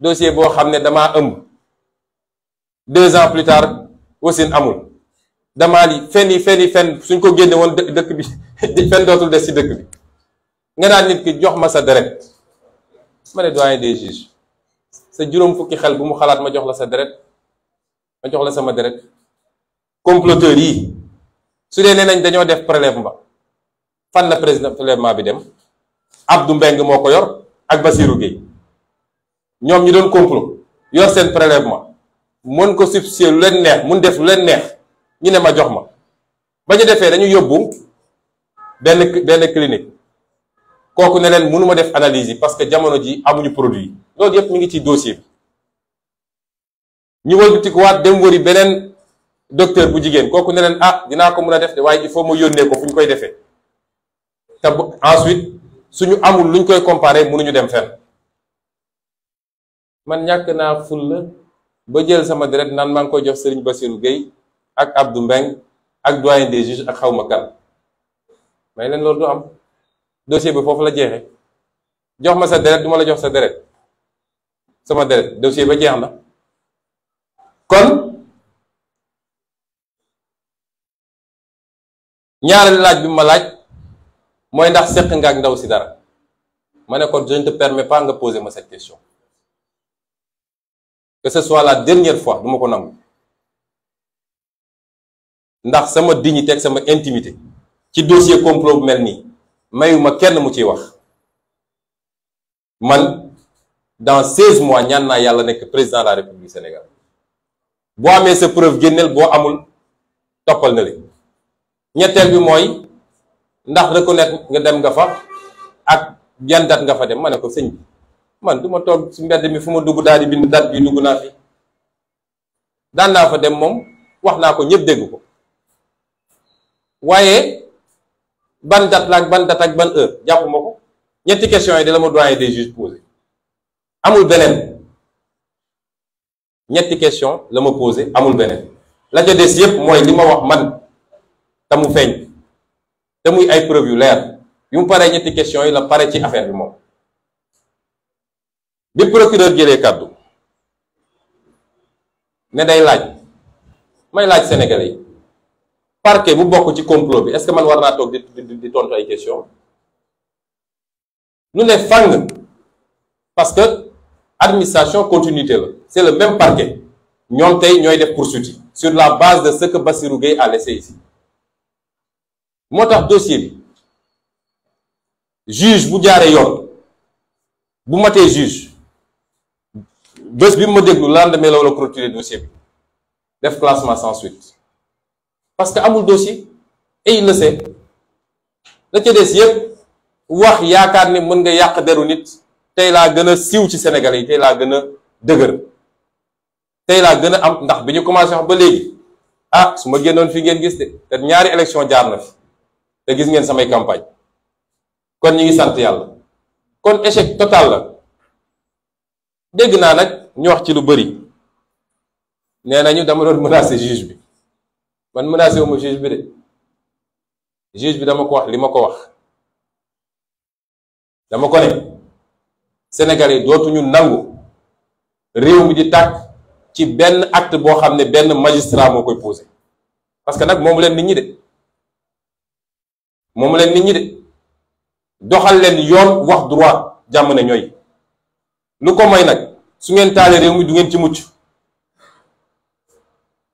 Speaker 1: dossier bo xamné dama eum deux ans plus tard wasin amul dama li fenni fenni fenn suñ ko génne woon dëkk bi (laughs) fenn dootul des ci dëkk bi nga naan nit ki jox ma sa deret ma ne doyen des juges sa juróom fukki xel bu mu xalaat ma jox la sa deret ma jox la sama deret comploteurs yi su dee nee nañ dañoo def prélèvement fan la président prélèvement bi dem Abdou Mbeng moo ko yor ak Basirou Gueye ñoom ñi doon complot yor seen prélèvement mën ko substituer lu leen neex mun def lu leen neex ñu ne ma jox ma ba ñu defee dañu yóbbu benn benn clinique koku ne leen def analyse parce que jamono ji amuñu produit loolu yëpp mi ngi dossier bi ñu wëlbatikuwaat dem wëri docteur bu jigéen kooku ne ah dinaa ko mën a def de waaye il faut ma yónnee ko fu koy defee te ensuite suñu amul luñ koy comparer mënuñu dem man ba jël sama jox ak Abdou ak des dossier bi foofu la jeexee jox ma sa deret du ma la jox sa deret sama deret dossier ba jeex na kon ñaareelu laaj bi ma laaj mooy ndax seq nga ak ndaw si dara ma ne kon je ne te permets pas nga poser ma cette question que ce soit la dernière fois du ma ko nangu ndax sama dignité ak sama intimité ci dossier complot bu mel nii mayuma kenn mu ciy wax man dans seize mois ñaan naa yàlla nekk président la république Sénégal boo amee sa preuve génneel boo amul toppal na li ñetteel bi mooy ndax reconnaître nga dem nga fa ak yan date nga fa dem ma ne ko sëñ bi man du ma toog ci mbedd mi fu ma dugg daal di bind date bi dugg naa fi daan naa fa dem moom wax naa ko ñëpp dégg ko waaye ban date la ban date ak ban heure ñetti question yi de la des juges posé amul benen ñetti question la poser amul benen la ca des yépp wax man feñ a ay preuve yu leer yu paré ñetti question yi la paré ci affaire bi bi procureur cadeau. day laaj may laaj sénégalais parquet bu vous ci complot bi est-ce que je war naa toog di question Nous les fangons. parce que administration continuité c'est le même parquet Nous avons des def sur la base de ce que Bassirou Gueye a laissé ici Mon dossier juge bu jaaree vous bu juge bés bi ma déglu lendemain la le clôturer dossier bi def classement sans suite parce que amul dossier et il le sait la ci dess yeb wax yaakar ni mën nga yak deru nit tay la gëna siw ci Sénégalais yi tey laa gën a dëgër tey am ndax biñu commencé wax ba légui ah suma ma fi gën gis té te ñaari élection jaar na fi té gis ngeen samay campagne kon ñi ngi sant yalla kon échec total la dégg na nak ñu wax ci lu bëri nénañu dama doon menacer juge bi man menacé wu ma juge bi de juge bi dama ko wax li ma ko wax dama ko ne Sénégal yi ñu nangu réew mi di tàkk ci benn acte magistrat parce que nag moomu leen nit ñi de moomu leen nit ñi de doxal yoon wax droit jàmm ne lu ko may nag su ngeen mi du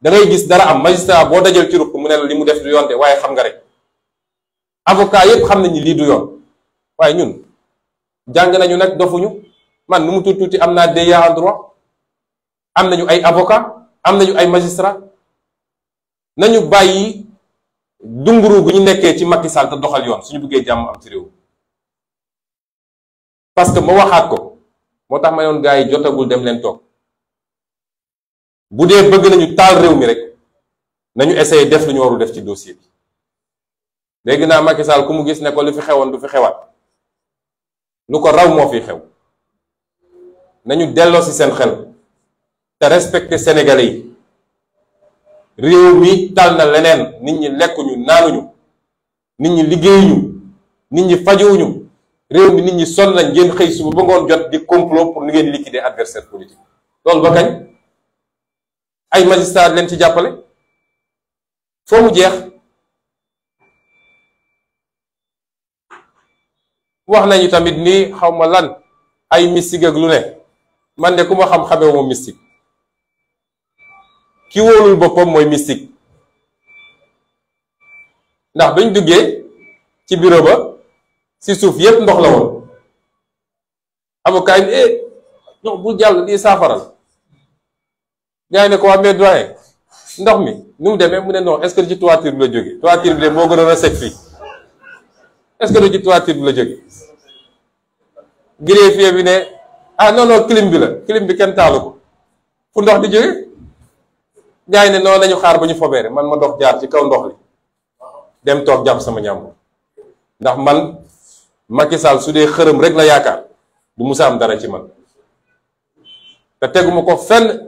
Speaker 1: da gis dara am magistrat boo dajal ci ruq mu ne la li mu def du yoon de waaye xam nga rek avocat yépp xam nañu lii du yoon waaye ñun jàng nañu nag dofuñu man nu mu tuuti tuuti am naa DEA en droit am nañu ay avocat am nañu ay magistrat nañu bàyyi dunguru bu ñu nekkee ci Macky Sall te doxal yoon suñu bëggee jàmm am ci réew parce que ma waxaat ko moo tax ma yoon gars yi jotagul dem leen toog bu dee bëgg nañu taal réew mi rek nañu essayer def lu ñu warul def ci dossier bi dégg naa Macky Sall ku mu gis ne ko lu fi xewoon du fi xewaat lu ko raw moo fi xew nañu delloo ci seen xel te respecter Sénégalais yi réew mi tal na leneen nit ñi lekkuñu naanuñu nit ñi liggéeyuñu nit ñi fajuwuñu réew mi nit ñi sonn nañ ngeen xëy suba ba ngoon jot di complot pour ni ngeen liquider adversaire politique loolu ba kañ ay magistrat leen ci jàppale foo mu jeex wax nañu tamit nii xaw ma lan ay mystique ak lu ne man de ku ma xam-xamee moom mystique ki wóolul boppam mooy mystique ndax dañ duggee ci bureau ba ci suuf yépp ndox la woon avocat eh, bu jàll lii saafaral gars ne ko waa mais doyen ndox mi nu mu demee mu ne non est-ce ci toiture bi la jógee toiture bi de moo gënoon a fii est-ce que du ci bi la jógee bi ne ah non non clim bi la clim bi kenn taalu ko fu ndox di jógee gars ne noonu nañu xaar ba ñu fobeere man ma dox jaar ci kaw ndox li dem toog jàpp sama ñàmbur ndax man Macky Sall su dee xërëm rek la yaakaar du musa am dara ci man te teguma ko fenn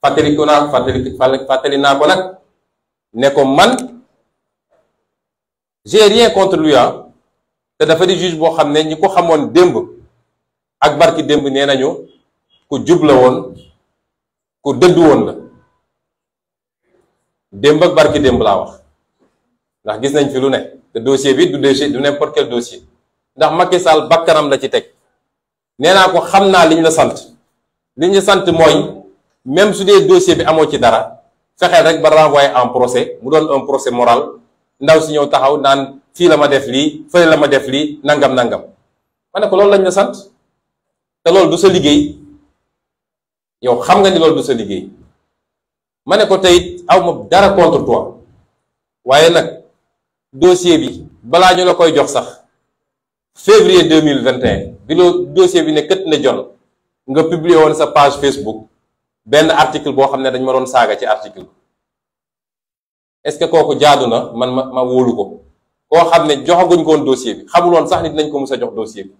Speaker 1: fàttaliku naa fateli fateli na ko nak ne ko man j'ai rien contre lui hein te dafa di juge bo xam ñi ko xamone demb ak barki demb nenañu ko ku jub la woon ku la démb ak barki demb la wax ndax gis nañ fi lu ne te dossier bi du dossier du n'importe quel dossier ndax Macky Sall bakkanam la ci teg nee ko xamna naa liñ la sante liñ la sant mooy même si le dossier bi amoo ci dara fexeel rek ba en procès mu un procès moral ndaw si ñëw taxaw ont fait la ma def la ma def nangam nangam ma la sant du sa yow xam nga ni du sa dara contre toi voyez le dossier bi koy février 2021, le dossier bi ne kët na nga publions sa page Facebook. benn article boo xam ne dañ ma doon saaga ci article est-ce que kooku jaadu na man ma ma wóolu ko koo xam ne joxaguñ koon dossier bi xamuloon sax ni nañ ko mus a jox dossier bi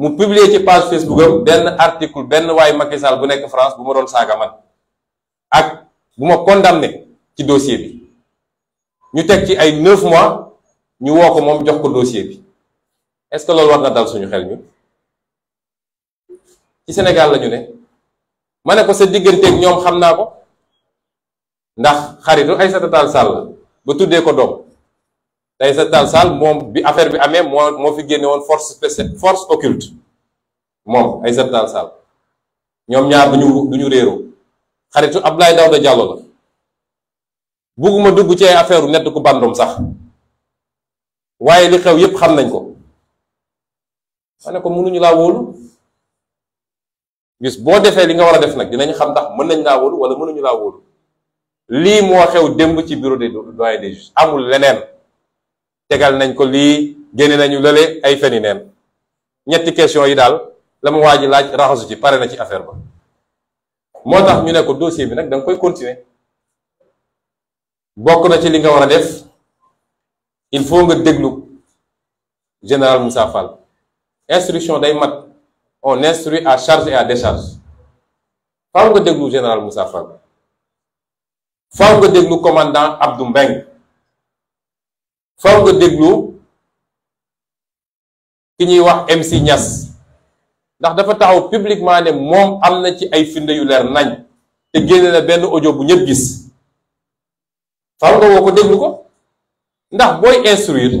Speaker 1: mu publier ci page Facebook benn article benn waayu Macky bu nekk France bu ma doon saaga man ak bu ma condamné ci dossier bi ñu teg ci ay neuf mois ñu woo ko moom jox ko dossier bi est-ce loolu war na dal suñu xel ñu ci Sénégal la ñu ne. ma ne ko sa digganteeg ñoom xam naa ko ndax xaritu Aïssata Tall Sall ba tuddee ko doom Aïssata Tall Sall moom bi affaire bi amee moo moo fi génne woon force spéciale force occulte moom ay Tall Sall ñoom ñaar duñu duñu réeroo xaritu Abdoulaye Daouda Diallo la bugguma dugg ci affaire u nett ku bandum sax waaye li xew yépp xam nañ ko ma ne ko mënuñu laa wóolu bis boo defee li nga war a def nag dinañ xam ndax mën nañ laa wóolu wala mënuñu laa wóolu lii moo xew démb ci bureau des doyens des juges amul leneen tegal nañ ko lii génne nañu lële ay feni neen ñetti question yi daal la ma waa laaj raxasu ci pare na ci affaire ba moo tax ñu ne ko dossier bi nag da koy continuer bokk na ci li nga war a def il faut nga déglu général Moussa Fall instruction day mat on instruit à charge et à décharge faaw nga déglu général Moussa Fall faaw nga déglu commandant Abdou Mbeng faaw nga déglu ki ñuy wax MC Niass ndax dafa taxaw publiquement ne moom am ci ay firnde yu leer nañ té génne na benn audio bu ñëpp gis faaw nga woo ko déglu ko ndax boy instruire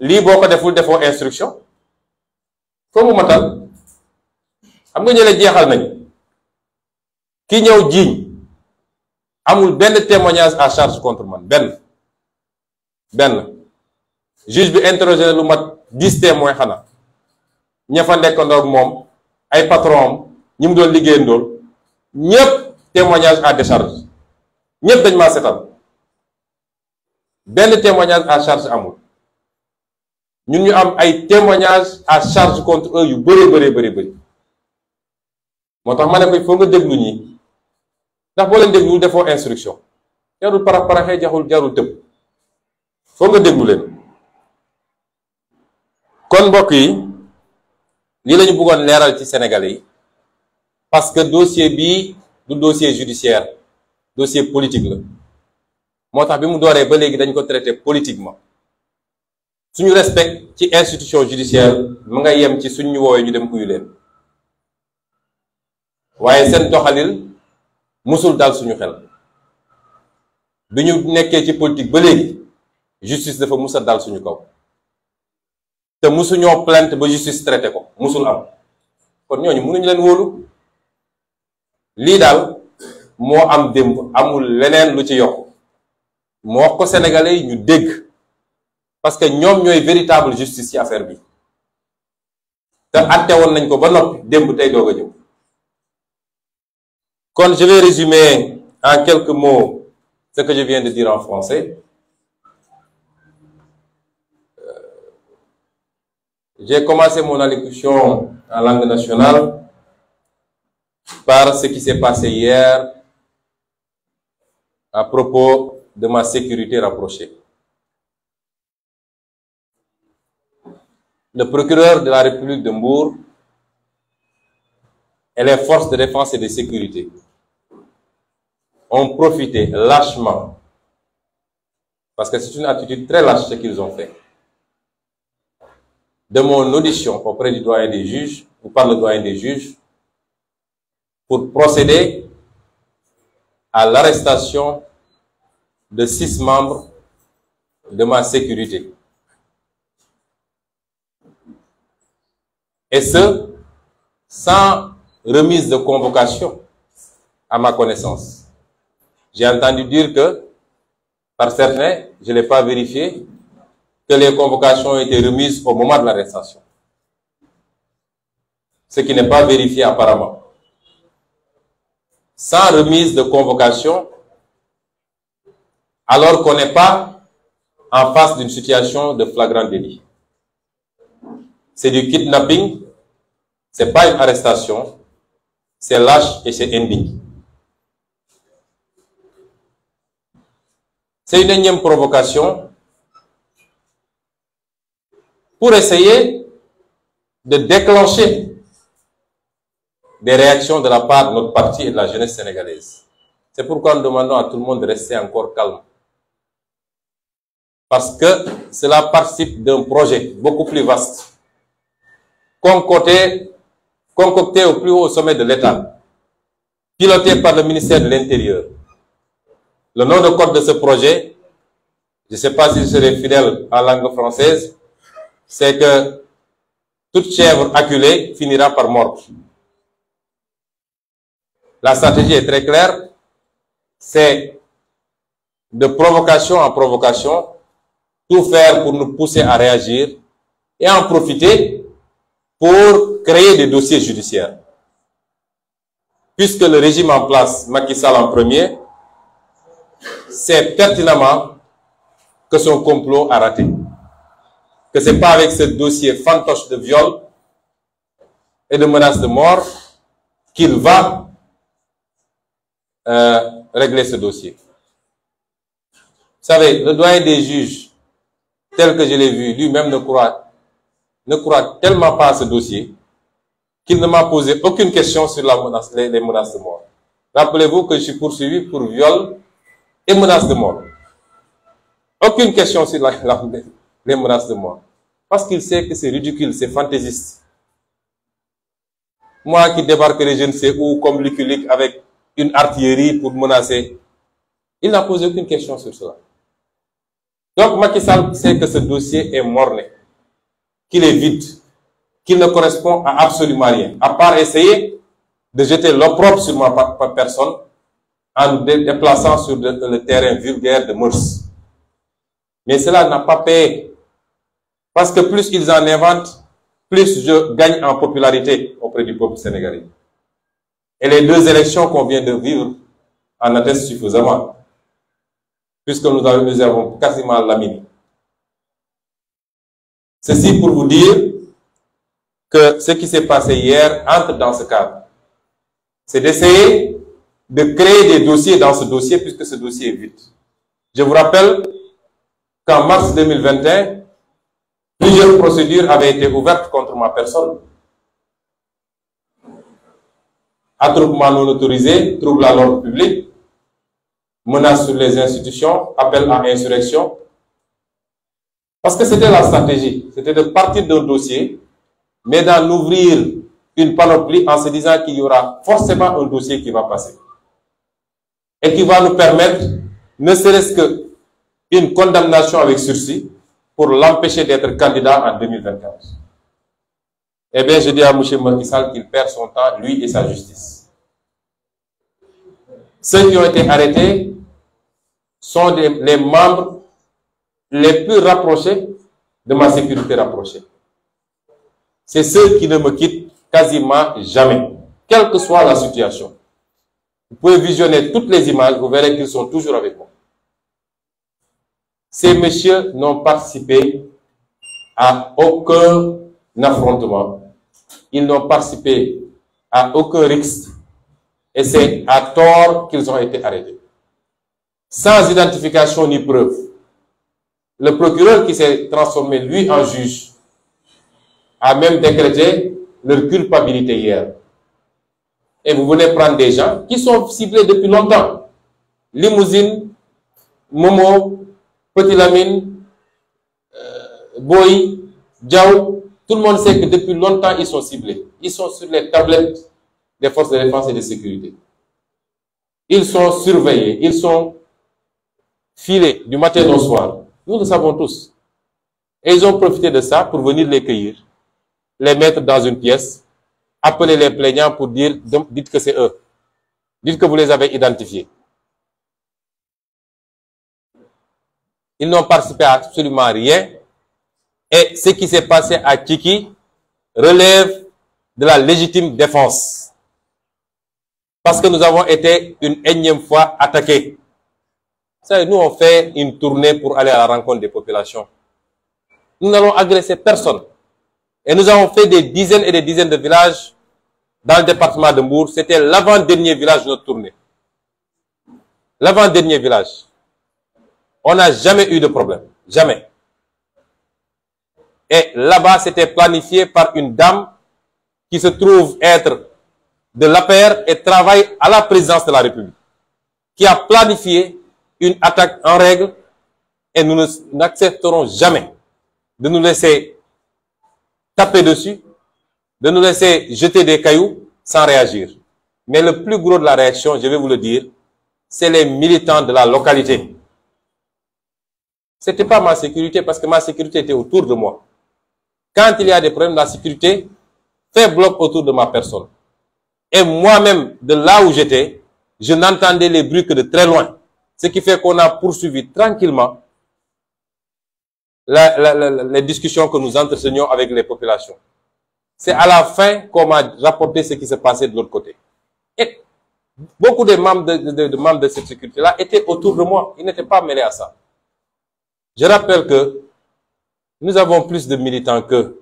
Speaker 1: lii boo ko deful defoo instruction foofu matal xam nga ñële jeexal nañu ki ñëw jiiñ amul benn témoignage à charge contre man benn benn juge bi interrogé na lu mat dix mooy xanaa ña fa nekkandoog moom ay patron am ñi mu doon liggéeyandool ñépp témoignage à décharge ñépp dañ maa setal benn témoignage à charge amul ñu ngi am ay témoignages à charge contre eux yu bëré bëré bëré bëré motax mané koy fo ko foo nga déglu ñi ndax bo leen ñu defoo instruction para para xé jaxul jarul tepp fo nga déglu leen kon mbokk yi li lañu bëggoon ci Sénégalais yi parce que dossier bi, du dossier judiciaire dossier politique la motax bi mu doré ba légui dañ ko traiter politiquement suñu respect ci institution judiciaire mu nga yem ci suñu woowee ñu dem uyu leen waaye seen doxalin musul daal suñu xel bi ñu nekkee ci politique ba léegi justice dafa musa daal suñu kaw te musuñoo plainte ba justice traité ko musul am kon ñooñu mënuñu leen wóolu lii daal moo am démb amul leneen lu ci yokk moo wax ko sénégalais ñu dégg parce que avons une véritable justice à affaire bi te nañ ko ba je vais résumer en quelques mots ce que je viens de dire en français euh, j'ai commencé mon allocution en langue nationale par ce qui s'est passé hier à propos de ma sécurité rapprochée le procureur de la République de Mbourg et les forces de défense et de sécurité ont profité lâchement, parce que c'est une attitude très lâche ce qu'ils ont fait, de mon audition auprès du doyen des juges, ou par le doyen des juges, pour procéder à l'arrestation de six membres de ma sécurité. Et ce, sans remise de convocation, à ma connaissance. J'ai entendu dire que, par certains, je n'ai pas vérifié, que les convocations ont été remises au moment de l'arrestation. Ce qui n'est pas vérifié apparemment. Sans remise de convocation, alors qu'on n'est pas en face d'une situation de flagrant délit. C'est du kidnapping, c'est pas une arrestation, c'est lâche et c'est indigne. C'est une énième provocation pour essayer de déclencher des réactions de la part de notre parti et de la jeunesse sénégalaise. C'est pourquoi nous demandons à tout le monde de rester encore calme. Parce que cela participe d'un projet beaucoup plus vaste concocté, concocté au plus haut sommet de l'État, piloté par le ministère de l'Intérieur. Le nom de code de ce projet, je ne sais pas si je serai fidèle à la langue française, c'est que toute chèvre acculée finira par morte. La stratégie est très claire, c'est de provocation en provocation, tout faire pour nous pousser à réagir et en profiter pour créer des dossiers judiciaires. Puisque le régime en place, Macky Sall en premier, sait pertinemment que son complot a raté. Que c'est pas avec ce dossier fantoche de viol et de menace de mort qu'il va euh, régler ce dossier. Vous savez, le doyen des juges, tel que je l'ai vu, lui-même ne croit ne croit tellement pas à ce dossier qu'il ne m'a posé aucune question sur la les, menaces de mort. Rappelez-vous que je suis poursuivi pour viol et menace de mort. Aucune question sur les menaces de mort. Parce qu'il sait que c'est ridicule, c'est fantaisiste. Moi qui débarquerai je ne sais où comme l'éculique avec une artillerie pour menacer. Il n'a posé aucune question sur cela. Donc Macky Sall sait que ce dossier est morné qu'il est vide, qu'il ne correspond à absolument rien, à part essayer de jeter l'opprobre sur ma personne en nous déplaçant sur le terrain vulgaire de murs. Mais cela n'a pas payé. Parce que plus ils en inventent, plus je gagne en popularité auprès du peuple sénégalais. Et les deux élections qu'on vient de vivre en attestent suffisamment, puisque nous avons, nous avons quasiment la mine. Ceci pour vous dire que ce qui s'est passé hier entre dans ce cadre. C'est d'essayer de créer des dossiers dans ce dossier puisque ce dossier est vide. Je vous rappelle qu'en mars 2021, plusieurs procédures avaient été ouvertes contre ma personne. Attroupement non autorisé, trouble à l'ordre public, menace sur les institutions, appel à insurrection, parce que c'était la stratégie, c'était de partir d'un dossier, mais d'en ouvrir une panoplie en se disant qu'il y aura forcément un dossier qui va passer. Et qui va nous permettre, ne serait-ce qu'une condamnation avec sursis, pour l'empêcher d'être candidat en 2024. Eh bien, je dis à M. Makissal qu'il perd son temps, lui et sa justice. Ceux qui ont été arrêtés sont les membres les plus rapprochés de ma sécurité rapprochée. C'est ceux qui ne me quittent quasiment jamais, quelle que soit la situation. Vous pouvez visionner toutes les images, vous verrez qu'ils sont toujours avec moi. Ces messieurs n'ont participé à aucun affrontement. Ils n'ont participé à aucun risque. Et c'est à tort qu'ils ont été arrêtés. Sans identification ni preuve le procureur qui s'est transformé, lui, en juge, a même décrété leur culpabilité hier. Et vous venez prendre des gens qui sont ciblés depuis longtemps. Limousine, Momo, Petit Lamine, euh, Boy, Djao, tout le monde sait que depuis longtemps, ils sont ciblés. Ils sont sur les tablettes des forces de défense et de sécurité. Ils sont surveillés, ils sont filés du matin au soir. Nous le savons tous. Et ils ont profité de ça pour venir les cueillir, les mettre dans une pièce, appeler les plaignants pour dire, dites que c'est eux. Dites que vous les avez identifiés. Ils n'ont participé à absolument rien. Et ce qui s'est passé à Kiki relève de la légitime défense. Parce que nous avons été une énième fois attaqués nous, avons fait une tournée pour aller à la rencontre des populations. Nous n'avons agressé personne. Et nous avons fait des dizaines et des dizaines de villages dans le département de Mbour. C'était l'avant-dernier village de notre tournée. L'avant-dernier village. On n'a jamais eu de problème. Jamais. Et là-bas, c'était planifié par une dame qui se trouve être de l'APR et travaille à la présidence de la République, qui a planifié une attaque en règle et nous n'accepterons jamais de nous laisser taper dessus, de nous laisser jeter des cailloux sans réagir. Mais le plus gros de la réaction, je vais vous le dire, c'est les militants de la localité. C'était pas ma sécurité parce que ma sécurité était autour de moi. Quand il y a des problèmes de la sécurité, fait bloc autour de ma personne. Et moi-même, de là où j'étais, je n'entendais les bruits que de très loin. Ce qui fait qu'on a poursuivi tranquillement les discussions que nous entretenions avec les populations. C'est à la fin qu'on m'a rapporté ce qui s'est passé de l'autre côté. Et beaucoup de membres de, cette sécurité-là étaient autour de moi. Ils n'étaient pas mêlés à ça. Je rappelle que nous avons plus de militants que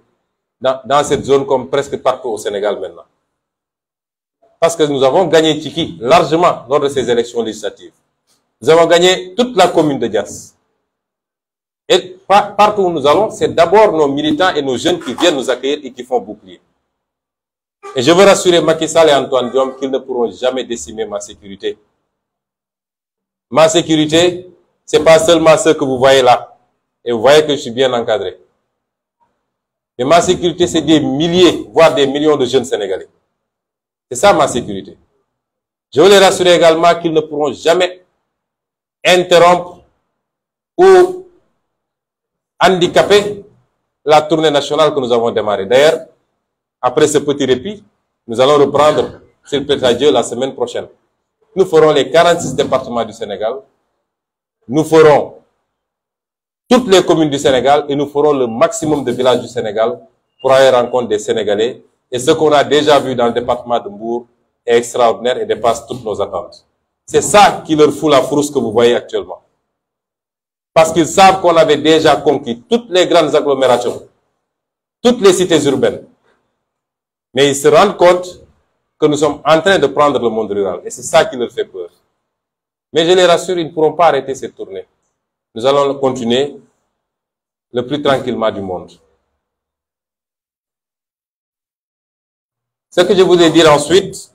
Speaker 1: dans, dans, cette zone comme presque partout au Sénégal maintenant. Parce que nous avons gagné Tiki largement lors de ces élections législatives. Nous avons gagné toute la commune de Dias. Et partout où nous allons, c'est d'abord nos militants et nos jeunes qui viennent nous accueillir et qui font bouclier. Et je veux rassurer Macky Sall et Antoine Diom qu'ils ne pourront jamais décimer ma sécurité. Ma sécurité, c'est pas seulement ce que vous voyez là. Et vous voyez que je suis bien encadré. Mais ma sécurité, c'est des milliers, voire des millions de jeunes Sénégalais. C'est ça ma sécurité. Je veux les rassurer également qu'ils ne pourront jamais interrompre ou handicaper la tournée nationale que nous avons démarrée. D'ailleurs, après ce petit répit, nous allons reprendre, s'il plaît Dieu, la semaine prochaine. Nous ferons les 46 départements du Sénégal. Nous ferons toutes les communes du Sénégal et nous ferons le maximum de villages du Sénégal pour aller rencontrer des Sénégalais. Et ce qu'on a déjà vu dans le département de Mbour est extraordinaire et dépasse toutes nos attentes. C'est ça qui leur fout la frousse que vous voyez actuellement. Parce qu'ils savent qu'on avait déjà conquis toutes les grandes agglomérations, toutes les cités urbaines. Mais ils se rendent compte que nous sommes en train de prendre le monde rural. Et c'est ça qui leur fait peur. Mais je les rassure, ils ne pourront pas arrêter cette tournée. Nous allons continuer le plus tranquillement du monde. Ce que je voulais dire ensuite,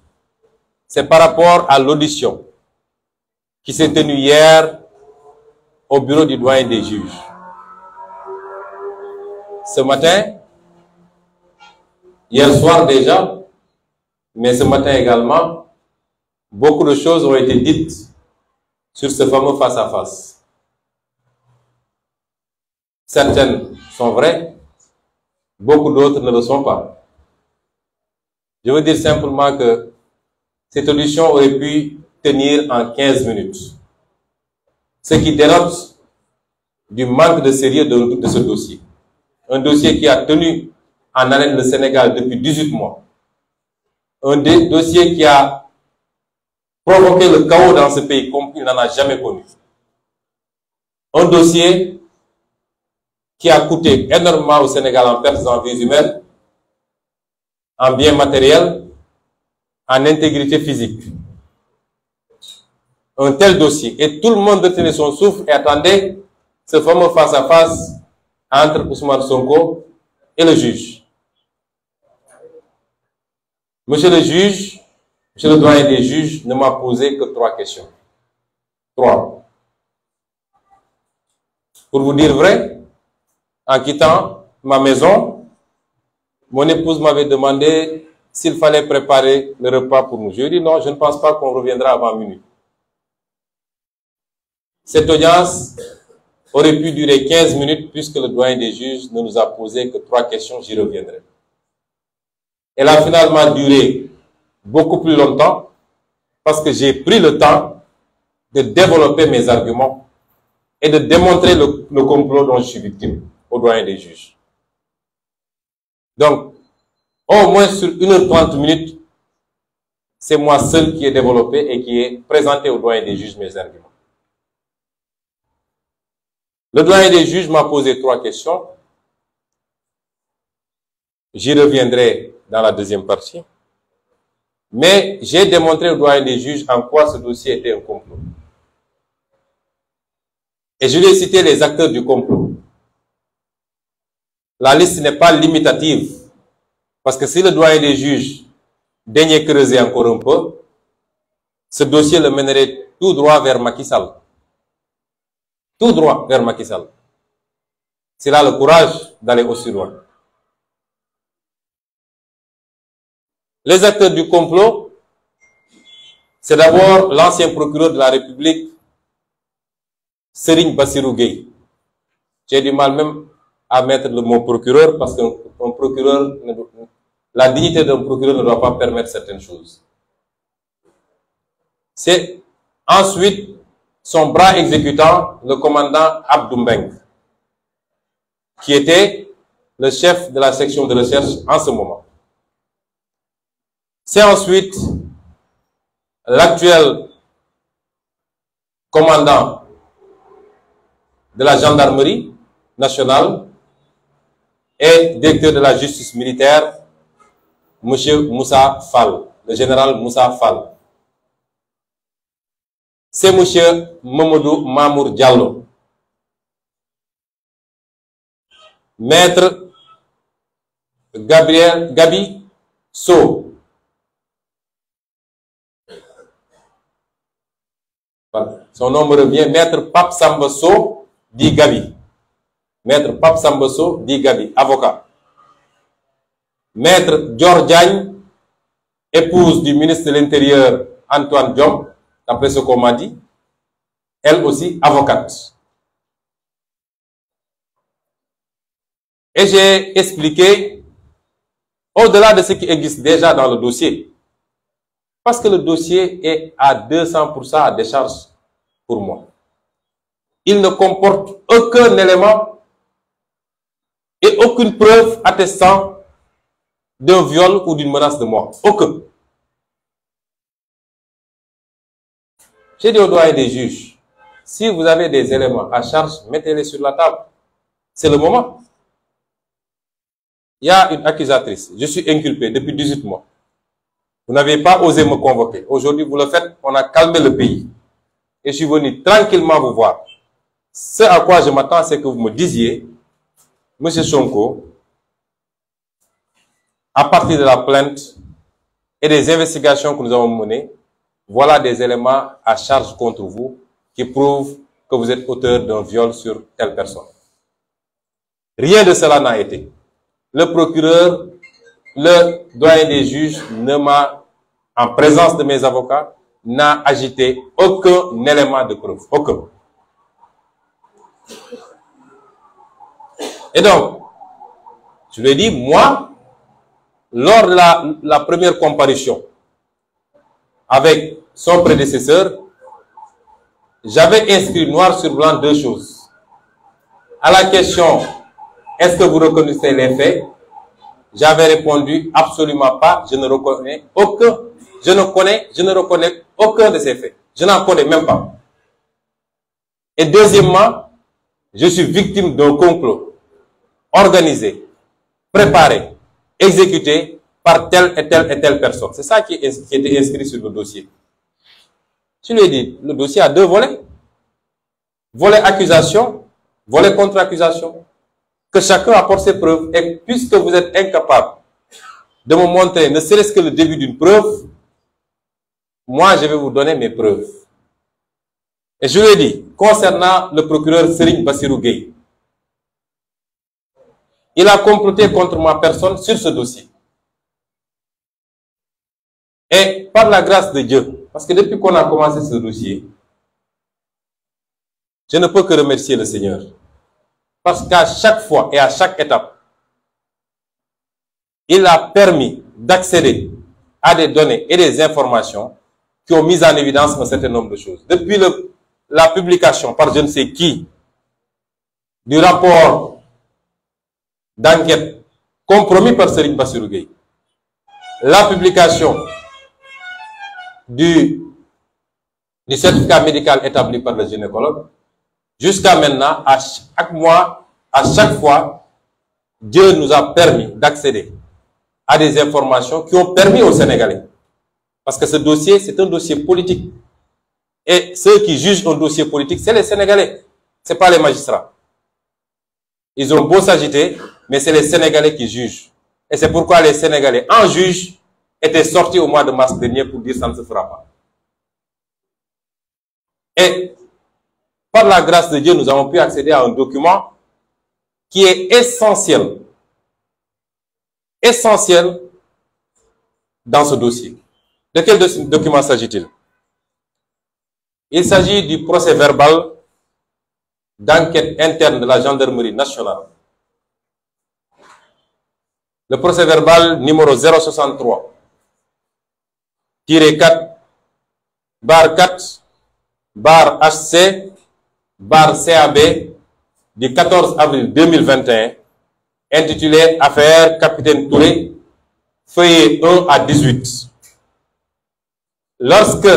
Speaker 1: c'est par rapport à l'audition qui s'est tenu hier au bureau du doyen des juges. Ce matin, hier soir déjà, mais ce matin également, beaucoup de choses ont été dites sur ce fameux face-à-face. -face. Certaines sont vraies, beaucoup d'autres ne le sont pas. Je veux dire simplement que cette audition aurait pu tenir en 15 minutes. Ce qui dénote du manque de sérieux de, ce dossier. Un dossier qui a tenu en haleine le Sénégal depuis 18 mois. Un dossier qui a provoqué le chaos dans ce pays comme il n'en a jamais connu. Un dossier qui a coûté énormément au Sénégal en pertes en vie humaines, en biens matériels, en intégrité physique un tel dossier. Et tout le monde tenait son souffle et attendait ce fameux face-à-face entre Ousmane Sonko et le juge. Monsieur le juge,
Speaker 2: monsieur le doyen des juges
Speaker 1: ne m'a posé que trois questions. Trois. Pour vous dire vrai, en quittant ma maison, mon épouse m'avait demandé s'il fallait préparer le repas pour nous. Je lui ai dit non, je ne pense pas qu'on reviendra avant minuit. Cette audience aurait pu durer 15 minutes puisque le doyen des juges ne nous a posé que trois questions, j'y reviendrai. Elle a finalement duré beaucoup plus longtemps parce que j'ai pris le temps de développer mes arguments et de démontrer le, complot dont je suis victime au doyen des juges. Donc, au moins sur 1h30 minutes, c'est moi seul qui ai développé et qui ai présenté au doyen des juges mes arguments. Le doyen des juges m'a posé trois questions. J'y reviendrai dans la deuxième partie. Mais j'ai démontré au doyen des juges en quoi ce dossier était un complot. Et je lui cité les acteurs du complot. La liste n'est pas limitative. Parce que si le doyen des juges daignait creuser encore un peu, ce dossier le mènerait tout droit vers Macky tout droit vers Macky Sall. S'il a le courage d'aller aussi loin. Les acteurs du complot, c'est d'abord l'ancien procureur de la République, Serigne Bassirou J'ai du mal même à mettre le mot procureur parce que procureur, la dignité d'un procureur ne doit pas permettre certaines choses. C'est ensuite son bras exécutant, le commandant Abdoumbeng, qui était le chef de la section de recherche en ce moment. C'est ensuite l'actuel commandant de la gendarmerie nationale et directeur de la justice militaire, M. Moussa Fall, le général Moussa Fall, c'est monsieur Mamadou Mamour Diallo maître Gabriel Gabi So son nom revient maître Pape Samba dit Gabi maître Pape Samba dit Gabi avocat maître Georgian épouse du ministre de l'Intérieur Antoine Djom d'après ce qu'on m'a dit, elle aussi avocate. Et j'ai expliqué au-delà de ce qui existe déjà dans le dossier, parce que le dossier est à 200% à décharge pour moi. Il ne comporte aucun élément et aucune preuve attestant d'un viol ou d'une menace de mort. Aucun. J'ai dit aux doigts et des juges, si vous avez des éléments à charge, mettez-les sur la table. C'est le moment. Il y a une accusatrice. Je suis inculpé depuis 18 mois. Vous n'avez pas osé me convoquer. Aujourd'hui, vous le faites. On a calmé le pays. Et je suis venu tranquillement vous voir. Ce à quoi je m'attends, c'est que vous me disiez, Monsieur Sonko, à partir de la plainte et des investigations que nous avons menées, voilà des éléments à charge contre vous qui prouvent que vous êtes auteur d'un viol sur telle personne. Rien de cela n'a été. Le procureur, le doyen des juges ne m'a, en présence de mes avocats, n'a agité aucun élément de preuve. Aucun. Et donc, je lui ai dit, moi, lors de la, la première comparution, avec son prédécesseur, j'avais inscrit noir sur blanc deux choses. À la question, est-ce que vous reconnaissez les faits J'avais répondu, absolument pas, je ne reconnais aucun, je ne connais, je ne reconnais aucun de ces faits. Je n'en connais même pas. Et deuxièmement, je suis victime d'un complot organisé, préparé, exécuté par telle et telle et telle personne. C'est ça qui, qui était inscrit sur le dossier. Tu lui dit, le dossier a deux volets. Volet accusation, volet contre-accusation. Que chacun apporte ses preuves. Et puisque vous êtes incapable de me montrer ne serait-ce que le début d'une preuve, moi je vais vous donner mes preuves. Et je lui ai dit, concernant le procureur Serigne Bassirou il a comploté contre ma personne sur ce dossier. Et par la grâce de Dieu, parce que depuis qu'on a commencé ce dossier, je ne peux que remercier le Seigneur. Parce qu'à chaque fois et à chaque étape, il a permis d'accéder à des données et des informations qui ont mis en évidence un certain nombre de choses. Depuis la publication par je ne sais qui du rapport d'enquête compromis par Serigne Bassirou la publication du, du certificat médical établi par le gynécologue, jusqu'à maintenant, à chaque mois, à chaque fois, Dieu nous a permis d'accéder à des informations qui ont permis aux Sénégalais. Parce que ce dossier, c'est un dossier politique. Et ceux qui jugent un dossier politique, c'est les Sénégalais, c'est pas les magistrats. Ils ont beau s'agiter, mais c'est les Sénégalais qui jugent. Et c'est pourquoi les Sénégalais en jugent était sorti au mois de mars dernier pour dire ça ne se fera pas. Et par la grâce de Dieu, nous avons pu accéder à un document qui est essentiel, essentiel dans ce dossier. De quel document s'agit-il Il, Il s'agit du procès verbal d'enquête interne de la gendarmerie nationale. Le procès verbal numéro 063 tiré 4, bar 4, bar HC, bar CAB du 14 avril 2021, intitulé Affaire Capitaine Touré, feuillet 1 à 18. Lorsque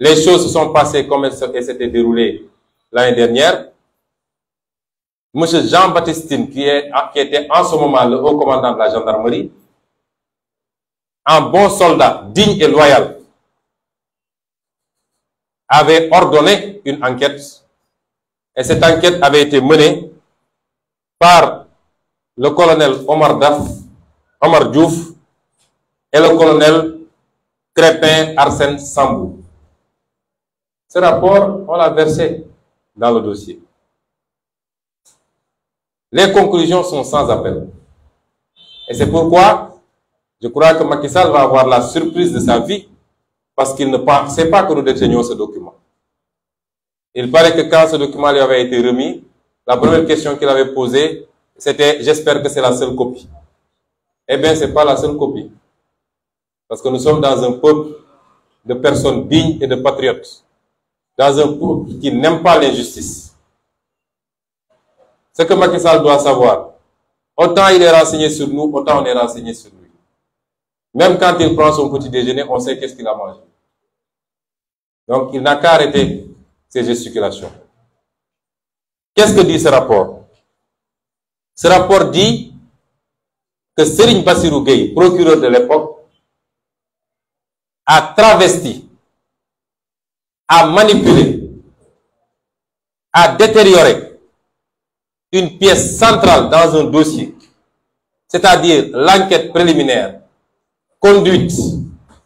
Speaker 1: les choses se sont passées comme elles s'étaient déroulées l'année dernière, M. Jean baptiste qui était en ce moment le haut commandant de la gendarmerie, un bon soldat digne et loyal, avait ordonné une enquête et cette enquête avait été menée par le colonel Omar Daf, Omar Diouf et le colonel Crépin Arsène Sambou. Ce rapport, on l'a versé dans le dossier. Les conclusions sont sans appel. Et c'est pourquoi je crois que Macky Sall va avoir la surprise de sa vie parce qu'il ne sait pas que nous détenions ce document. Il paraît que quand ce document lui avait été remis, la première question qu'il avait posée, c'était « j'espère que c'est la seule copie ». Eh bien, ce n'est pas la seule copie. Parce que nous sommes dans un peuple de personnes dignes et de patriotes. Dans un peuple qui n'aime pas l'injustice. Ce que Macky Sall doit savoir, autant il est renseigné sur nous, autant on est renseigné sur nous. Même quand il prend son petit déjeuner, on sait qu'est-ce qu'il a mangé. Donc, il n'a qu'à arrêter ses gesticulations. Qu'est-ce que dit ce rapport Ce rapport dit que Serigne Bassirou procureur de l'époque, a travesti, a manipulé, a détérioré une pièce centrale dans un dossier, c'est-à-dire l'enquête préliminaire conduite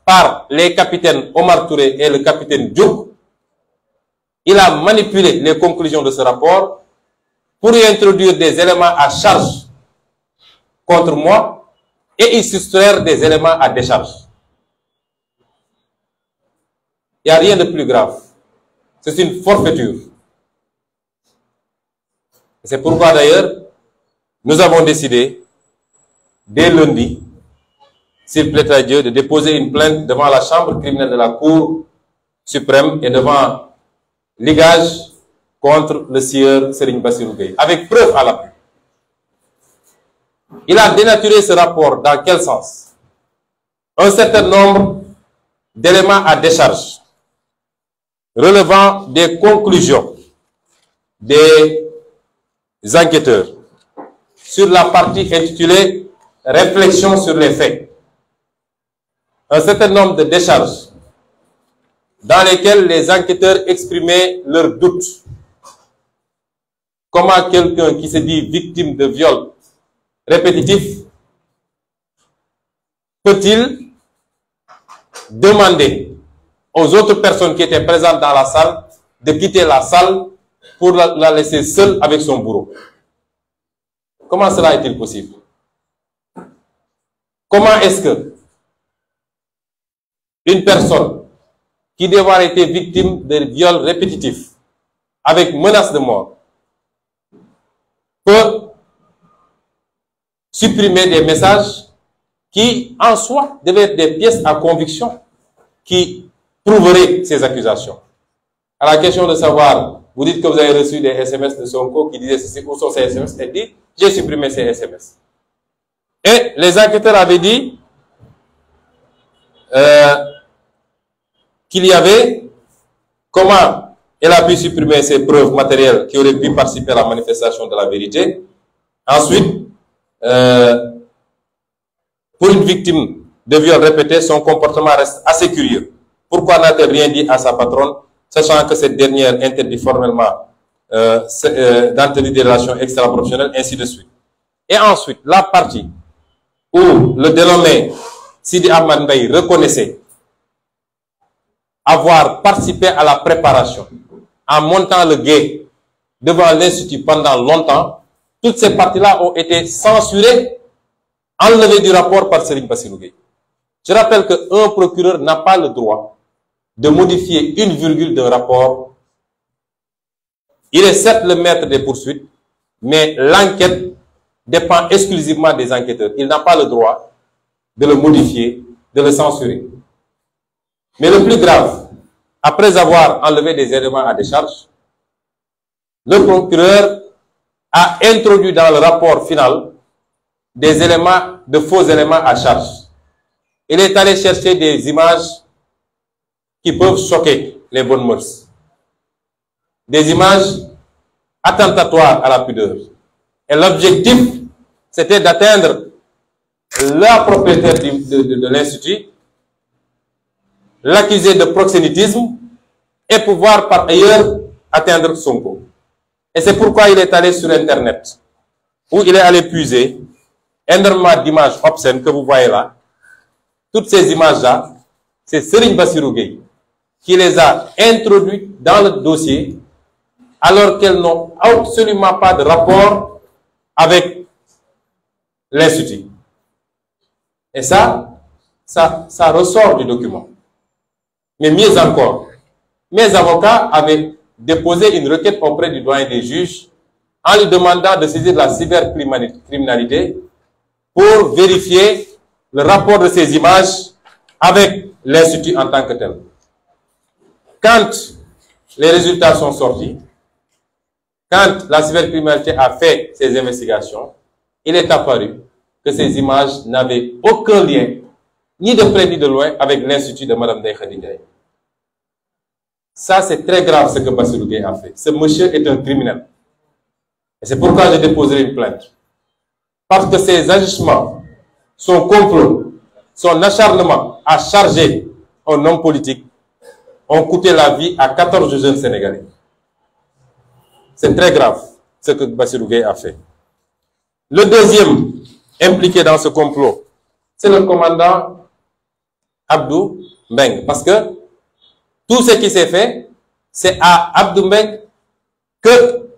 Speaker 1: par les capitaines Omar Touré et le capitaine Diouk, il a manipulé les conclusions de ce rapport pour y introduire des éléments à charge contre moi et y soustraire des éléments à décharge. Il n'y a rien de plus grave. C'est une forfaiture. C'est pourquoi d'ailleurs, nous avons décidé, dès lundi, s'il plaît à Dieu, de déposer une plainte devant la chambre criminelle de la Cour suprême et devant l'IGAGE contre le sieur Serigne Bassirou avec preuve à l'appui. Il a dénaturé ce rapport dans quel sens Un certain nombre d'éléments à décharge relevant des conclusions des enquêteurs sur la partie intitulée Réflexion sur les faits un certain nombre de décharges dans lesquelles les enquêteurs exprimaient leurs doutes. Comment quelqu'un qui se dit victime de viol répétitif peut-il demander aux autres personnes qui étaient présentes dans la salle de quitter la salle pour la laisser seule avec son bourreau Comment cela est-il possible Comment est-ce que une personne qui devait avoir été victime de viol répétitif avec menace de mort peut supprimer des messages qui, en soi, devaient être des pièces à conviction qui prouveraient ces accusations. À la question de savoir, vous dites que vous avez reçu des SMS de Sonko qui disaient ceci, où sont ces SMS Elle dit, j'ai supprimé ces SMS. Et les enquêteurs avaient dit, euh, qu'il y avait, comment elle a pu supprimer ces preuves matérielles qui auraient pu participer à la manifestation de la vérité. Ensuite, euh, pour une victime de viol répété, son comportement reste assez curieux. Pourquoi n'a-t-elle rien dit à sa patronne, sachant que cette dernière interdit formellement euh, euh des relations extra-professionnelles, ainsi de suite. Et ensuite, la partie où le dénommé Sidi Ahmad reconnaissait avoir participé à la préparation en montant le guet devant l'Institut pendant longtemps, toutes ces parties-là ont été censurées, enlevées du rapport par Serine Bassilougay. Je rappelle qu'un procureur n'a pas le droit de modifier une virgule d'un rapport. Il est certes le maître des poursuites, mais l'enquête dépend exclusivement des enquêteurs. Il n'a pas le droit de le modifier, de le censurer. Mais le plus grave, après avoir enlevé des éléments à décharge, le procureur a introduit dans le rapport final des éléments, de faux éléments à charge. Il est allé chercher des images qui peuvent choquer les bonnes mœurs. Des images attentatoires à la pudeur. Et l'objectif, c'était d'atteindre la propriétaire de l'Institut l'accuser de proxénétisme et pouvoir par ailleurs atteindre son goût. Et c'est pourquoi il est allé sur Internet, où il est allé puiser énormément d'images obscènes que vous voyez là. Toutes ces images-là, c'est Serine qui les a introduites dans le dossier alors qu'elles n'ont absolument pas de rapport avec l'Institut. Et ça, ça, ça ressort du document. Mais mieux encore, mes avocats avaient déposé une requête auprès du doyen des juges en lui demandant de saisir la cybercriminalité pour vérifier le rapport de ces images avec l'Institut en tant que tel. Quand les résultats sont sortis, quand la cybercriminalité a fait ses investigations, il est apparu que ces images n'avaient aucun lien, ni de près ni de loin, avec l'Institut de Mme Ndeye ça, c'est très grave ce que Bassirou a fait. Ce monsieur est un criminel. Et c'est pourquoi je déposé une plainte. Parce que ses agissements, son complot, son acharnement à charger un homme politique ont coûté la vie à 14 jeunes Sénégalais. C'est très grave ce que Bassirou a fait. Le deuxième impliqué dans ce complot, c'est le commandant Abdou Beng, Parce que tout ce qui s'est fait, c'est à Abdoumbek que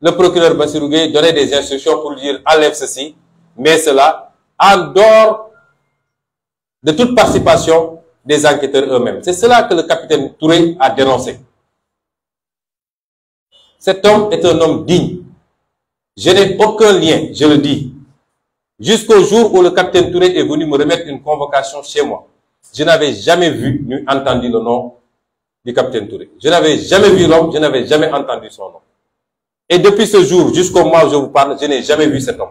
Speaker 1: le procureur Bassirougué donnait des instructions pour lui dire enlève ceci, mais cela, en dehors de toute participation des enquêteurs eux-mêmes. C'est cela que le capitaine Touré a dénoncé. Cet homme est un homme digne. Je n'ai aucun lien, je le dis. Jusqu'au jour où le capitaine Touré est venu me remettre une convocation chez moi, je n'avais jamais vu ni entendu le nom du capitaine Touré. Je n'avais jamais vu l'homme, je n'avais jamais entendu son nom. Et depuis ce jour, jusqu'au moment où je vous parle, je n'ai jamais vu cet homme.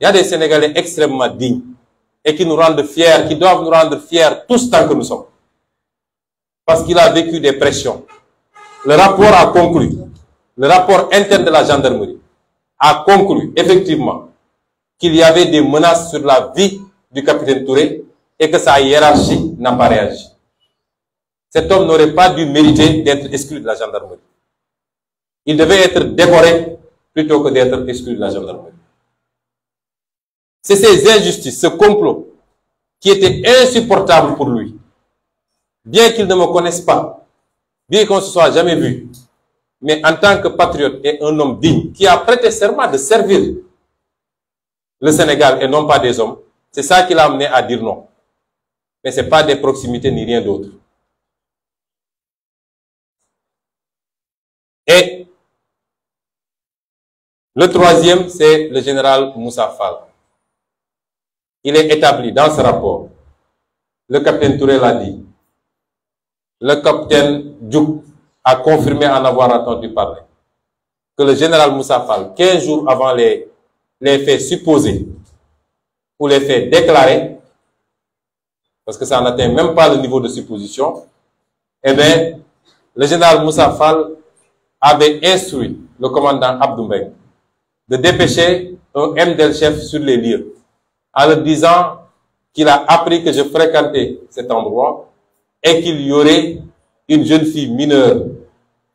Speaker 1: Il y a des Sénégalais extrêmement dignes et qui nous rendent fiers, qui doivent nous rendre fiers tous tant que nous sommes. Parce qu'il a vécu des pressions. Le rapport a conclu, le rapport interne de la gendarmerie a conclu effectivement qu'il y avait des menaces sur la vie du capitaine Touré et que sa hiérarchie n'a pas réagi. Cet homme n'aurait pas dû mériter d'être exclu de la gendarmerie. Il devait être dévoré plutôt que d'être exclu de la gendarmerie. C'est ces injustices, ce complot qui était insupportable pour lui. Bien qu'il ne me connaisse pas, bien qu'on ne se soit jamais vu, mais en tant que patriote et un homme digne qui a prêté serment de servir le Sénégal et non pas des hommes, c'est ça qui l'a amené à dire non. Mais ce n'est pas des proximités ni rien d'autre. Et le troisième, c'est le général Moussa Fall. Il est établi dans ce rapport, le capitaine Touré l'a dit, le capitaine Djouk a confirmé en avoir entendu parler, que le général Moussa Fall, 15 jours avant les, les faits supposés ou les faits déclarés, parce que ça n'atteint même pas le niveau de supposition, eh bien, le général Moussa Fall avait instruit le commandant Abdoumbeck de dépêcher un MDL chef sur les lieux en leur disant qu'il a appris que je fréquentais cet endroit et qu'il y aurait une jeune fille mineure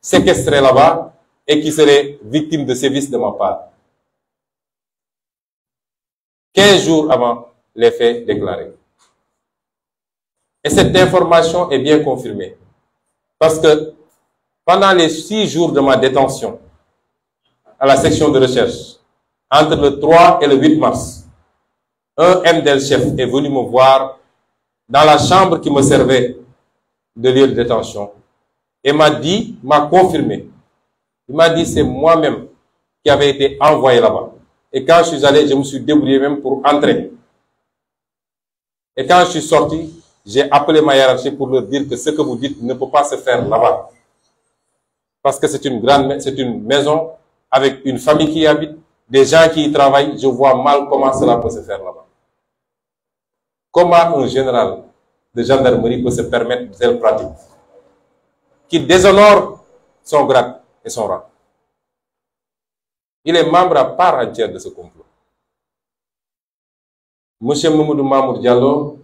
Speaker 1: séquestrée là-bas et qui serait victime de sévices de ma part. 15 jours avant les faits déclarés. Et cette information est bien confirmée parce que pendant les six jours de ma détention à la section de recherche, entre le 3 et le 8 mars, un MDL chef est venu me voir dans la chambre qui me servait de lieu de détention et m'a dit, m'a confirmé. Il m'a dit, c'est moi-même qui avait été envoyé là-bas. Et quand je suis allé, je me suis débrouillé même pour entrer. Et quand je suis sorti, j'ai appelé ma hiérarchie pour leur dire que ce que vous dites ne peut pas se faire là-bas parce que c'est une grande, c'est une maison avec une famille qui y habite, des gens qui y travaillent. Je vois mal comment cela peut se faire là-bas. Comment un général de gendarmerie peut se permettre de telles pratiques qui déshonore son grade et son rang Il est membre à part entière de ce complot. Monsieur Moumoudou Mamour Diallo,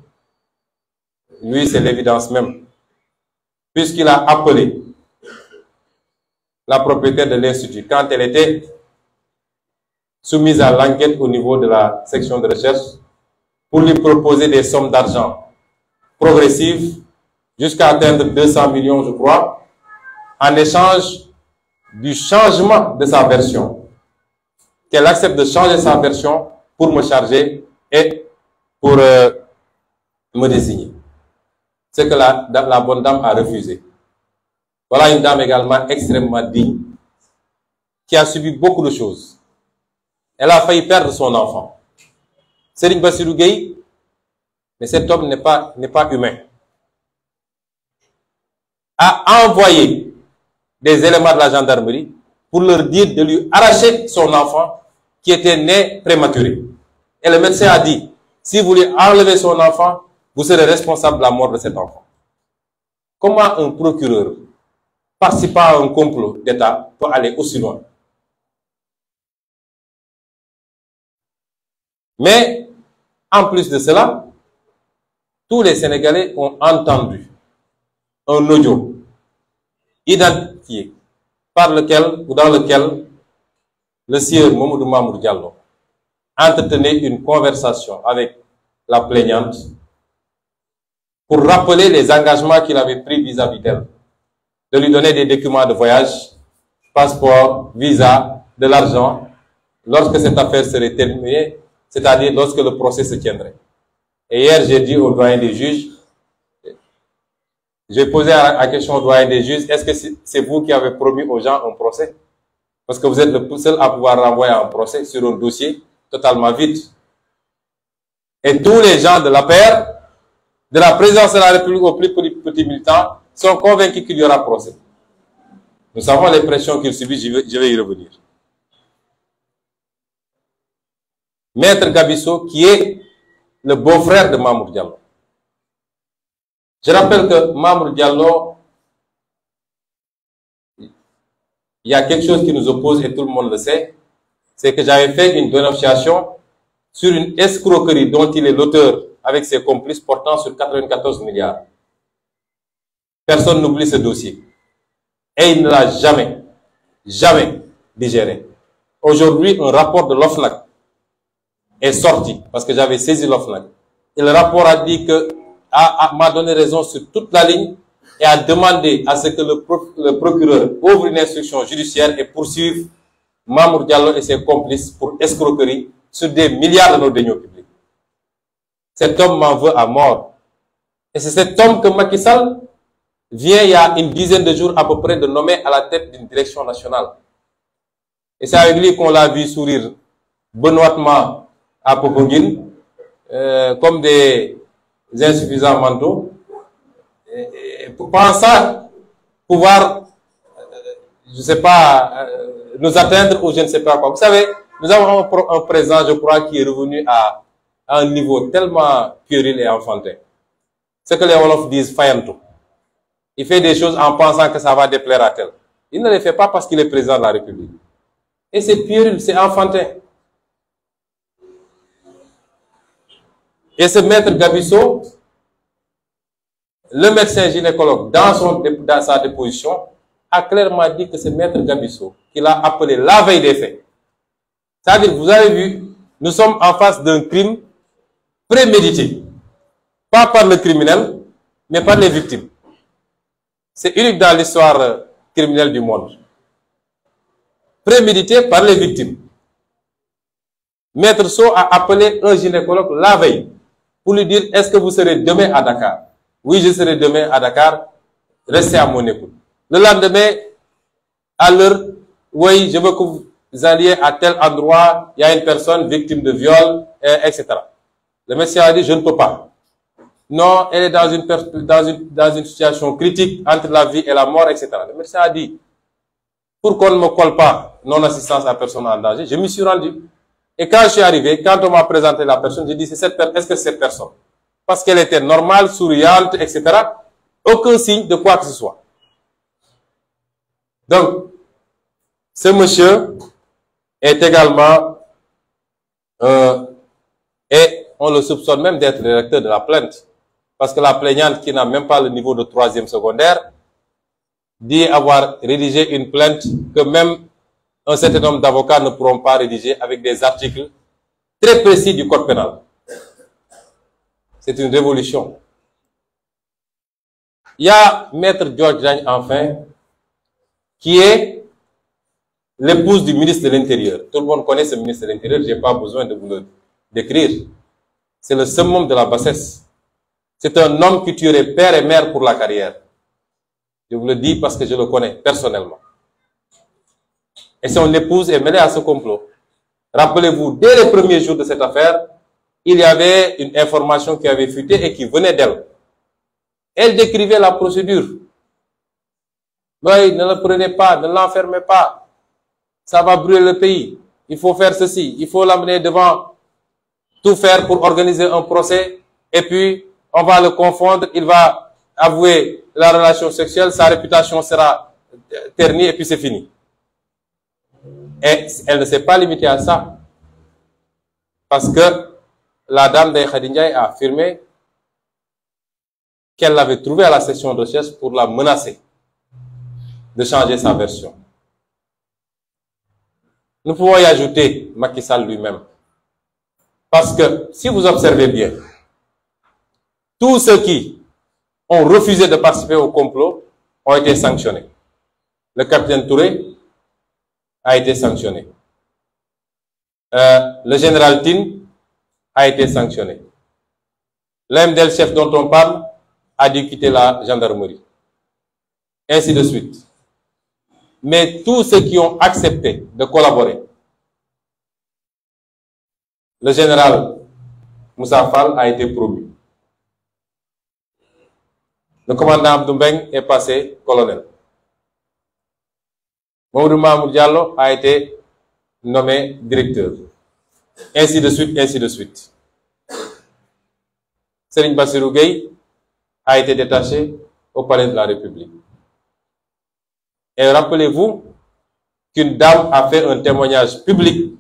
Speaker 1: lui, c'est l'évidence même, puisqu'il a appelé la propriétaire de l'Institut, quand elle était soumise à l'enquête au niveau de la section de recherche, pour lui proposer des sommes d'argent progressives jusqu'à atteindre 200 millions, je crois, en échange du changement de sa version. Qu'elle accepte de changer sa version pour me charger et pour euh, me désigner. C'est que la bonne dame a refusé. Voilà une dame également extrêmement digne qui a subi beaucoup de choses. Elle a failli perdre son enfant. C'est Bassirou Gueye, mais cet homme n'est pas, n'est pas humain, a envoyé des éléments de la gendarmerie pour leur dire de lui arracher son enfant qui était né prématuré. Et le médecin a dit, si vous voulez enlever son enfant, vous serez responsable de la mort de cet enfant. Comment un procureur participe à un complot d'État pour aller aussi loin. Mais en plus de cela, tous les Sénégalais ont entendu un audio identifié par lequel ou dans lequel le sieur Mamoudou Mamour entretenait une conversation avec la plaignante pour rappeler les engagements qu'il avait pris vis-à-vis d'elle de lui donner des documents de voyage, passeport, visa, de l'argent, lorsque cette affaire serait terminée, c'est-à-dire lorsque le procès se tiendrait. Et hier, j'ai dit au doyen des juges, j'ai posé la question au doyen des juges, est-ce que c'est vous qui avez promis aux gens un procès Parce que vous êtes le seul à pouvoir renvoyer un procès sur un dossier totalement vide. Et tous les gens de la paire, de la présidence de la République au plus petit militant, sont convaincus qu'il y aura procès. Nous savons les pressions qu'ils subissent, je vais, y revenir. Maître Gabisso, qui est le beau-frère de Mamour Diallo. Je rappelle que Mamour Diallo, il y a quelque chose qui nous oppose et tout le monde le sait, c'est que j'avais fait une dénonciation sur une escroquerie dont il est l'auteur avec ses complices portant sur 94 milliards. Personne n'oublie ce dossier. Et il ne l'a jamais, jamais digéré. Aujourd'hui, un rapport de l'OFLAC est sorti, parce que j'avais saisi l'OFLAC. Et le rapport a dit que, m'a donné raison sur toute la ligne et a demandé à ce que le, le procureur ouvre une instruction judiciaire et poursuive Mamour Diallo et ses complices pour escroquerie sur des milliards de nos deniers publics. Cet homme m'en veut à mort. Et c'est cet homme que Macky Sall vient il y a une dizaine de jours à peu près de nommer à la tête d'une direction nationale. Et c'est avec lui qu'on l'a vu sourire benoîtement à Popoguine, euh, comme des insuffisants mentaux, et, et, ça, pouvoir, euh, je ne sais pas, euh, nous atteindre ou je ne sais pas quoi. Vous savez, nous avons un, un présent, je crois, qui est revenu à, un niveau tellement puéril et enfantin. C'est que les Wolofs disent, faillant tout. Il fait des choses en pensant que ça va déplaire à tel. Il ne le fait pas parce qu'il est président de la République. Et c'est puéril, c'est enfantin. Et ce maître Gabisso, le médecin gynécologue, dans, son, dans sa déposition, a clairement dit que c'est maître Gabisso, qu'il a appelé la veille des faits. C'est-à-dire, vous avez vu, nous sommes en face d'un crime prémédité. Pas par le criminel, mais par les victimes. C'est unique dans l'histoire euh, criminelle du monde. Prémédité par les victimes. Maître So a appelé un gynécologue la veille pour lui dire est-ce que vous serez demain à Dakar Oui, je serai demain à Dakar. Restez à mon Le lendemain, à l'heure, oui, je veux que vous alliez à tel endroit, il y a une personne victime de viol, etc. Le monsieur a dit, je ne peux pas. Non, elle est dans une, dans une, situation critique entre la vie et la mort, etc. Le médecin a dit, pour qu'on ne me colle pas non-assistance à personne en danger, je me suis rendu. Et quand je suis arrivé, quand on m'a présenté la personne, j'ai dit, est-ce que c'est cette personne Parce qu'elle était normale, souriante, etc. Aucun signe de quoi que ce soit. Donc, ce monsieur est également, euh, et on le soupçonne même d'être le de la plainte parce que la plaignante qui n'a même pas le niveau de troisième secondaire dit avoir rédigé une plainte que même un certain nombre d'avocats ne pourront pas rédiger avec des articles très précis du code pénal. C'est une révolution. Il y a Maître George enfin, qui est l'épouse du ministre de l'Intérieur. Tout le monde connaît ce ministre de l'Intérieur, je n'ai pas besoin de vous le décrire. C'est le summum de la bassesse. C'est un homme qui tuerait père et mère pour la carrière. Je vous le dis parce que je le connais personnellement. Et son épouse est menée à ce complot. Rappelez-vous, dès les premiers jours de cette affaire, il y avait une information qui avait fuité et qui venait d'elle. Elle décrivait la procédure. Oui, ne le prenez pas, ne l'enfermez pas. Ça va brûler le pays. Il faut faire ceci, il faut l'amener devant, tout faire pour organiser un procès. Et puis, on va le confondre, il va avouer la relation sexuelle, sa réputation sera ternie et puis c'est fini. Et elle ne s'est pas limitée à ça. Parce que la dame d'Aïkhadindiaï a affirmé qu'elle l'avait trouvé à la session de recherche pour la menacer de changer sa version. Nous pouvons y ajouter Macky lui-même. Parce que si vous observez bien, tous ceux qui ont refusé de participer au complot ont été sanctionnés. Le capitaine Touré a été sanctionné. Euh, le général Tin a été sanctionné. des chef dont on parle a dû quitter la gendarmerie. Ainsi de suite. Mais tous ceux qui ont accepté de collaborer, le général Moussa Fall a été promu. Le commandant Abdoumbeng est passé colonel. Mourouma Mahmoud a été nommé directeur. Ainsi de suite, ainsi de suite. Serigne Bassirou a été détaché au palais de la République. Et rappelez-vous qu'une dame a fait un témoignage public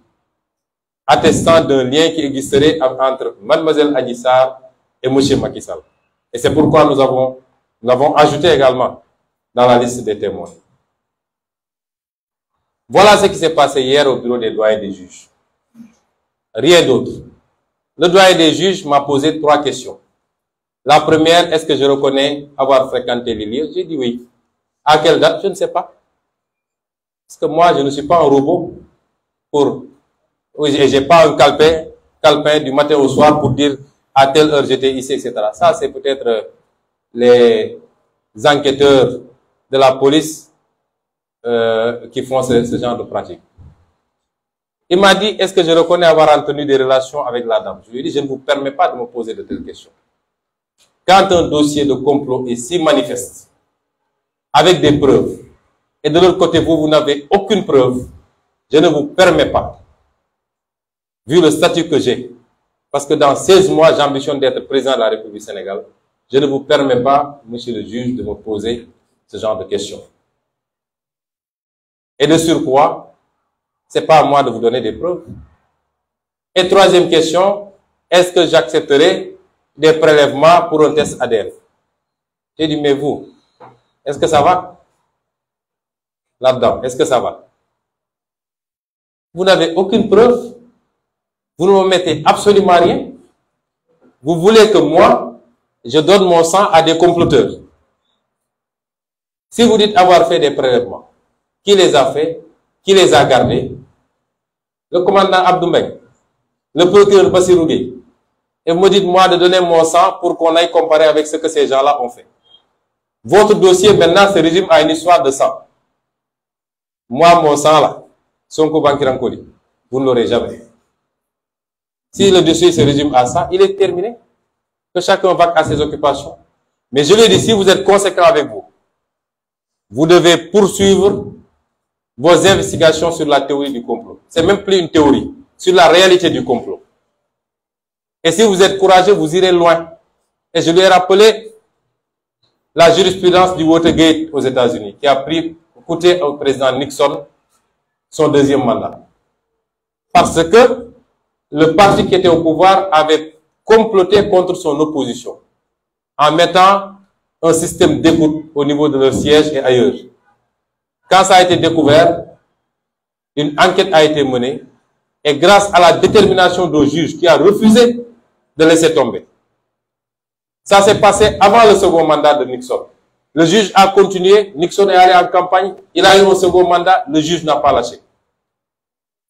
Speaker 1: attestant d'un lien qui existerait entre Mademoiselle Agnissar et M. Macky Et c'est pourquoi nous avons nous l'avons ajouté également dans la liste des témoins. Voilà ce qui s'est passé hier au bureau des doyens des juges. Rien d'autre. Le doyen des juges m'a posé trois questions. La première, est-ce que je reconnais avoir fréquenté les lieux J'ai dit oui. À quelle date Je ne sais pas. Parce que moi, je ne suis pas un robot pour... Et je n'ai pas un calepin, calepin du matin au soir pour dire à telle heure j'étais ici, etc. Ça, c'est peut-être euh, les enquêteurs de la police euh, qui font ce, genre de pratique. Il m'a dit, est-ce que je reconnais avoir entretenu des relations avec la dame Je lui ai dit, je ne vous permets pas de me poser de telles questions. Quand un dossier de complot est si manifeste, avec des preuves, et de l'autre côté, vous, vous n'avez aucune preuve, je ne vous permets pas, vu le statut que j'ai, parce que dans 16 mois, j'ambitionne d'être président de la République sénégalaise, je ne vous permets pas, monsieur le juge, de me poser ce genre de questions. Et de surcroît, c'est pas à moi de vous donner des preuves. Et troisième question, est-ce que j'accepterai des prélèvements pour un test ADN J'ai dit, mais vous, est-ce que ça va Là-dedans, est-ce que ça va Vous n'avez aucune preuve Vous ne me mettez absolument rien Vous voulez que moi, je donne mon sang à des comploteurs. Si vous dites avoir fait des prélèvements, qui les a fait, qui les a gardés Le commandant Abdoumbek, le procureur Passy-Roubi. Et vous me dites, moi, de donner mon sang pour qu'on aille comparer avec ce que ces gens-là ont fait. Votre dossier, maintenant, se résume à une histoire de sang. Moi, mon sang, là, Sonko Bankirankoli, vous ne l'aurez jamais. Si le dossier se résume à ça, il est terminé que chacun va à ses occupations. Mais je ai dit, si vous êtes conséquent avec vous, vous devez poursuivre vos investigations sur la théorie du complot. C'est même plus une théorie, sur la réalité du complot. Et si vous êtes courageux, vous irez loin. Et je lui ai rappelé la jurisprudence du Watergate aux États-Unis, qui a pris, coûté au président Nixon son deuxième mandat. Parce que le parti qui était au pouvoir avait comploter contre son opposition en mettant un système d'écoute au niveau de leur siège et ailleurs. Quand ça a été découvert, une enquête a été menée et grâce à la détermination du juge qui a refusé de laisser tomber. Ça s'est passé avant le second mandat de Nixon. Le juge a continué, Nixon est allé en campagne, il a eu un second mandat, le juge n'a pas lâché.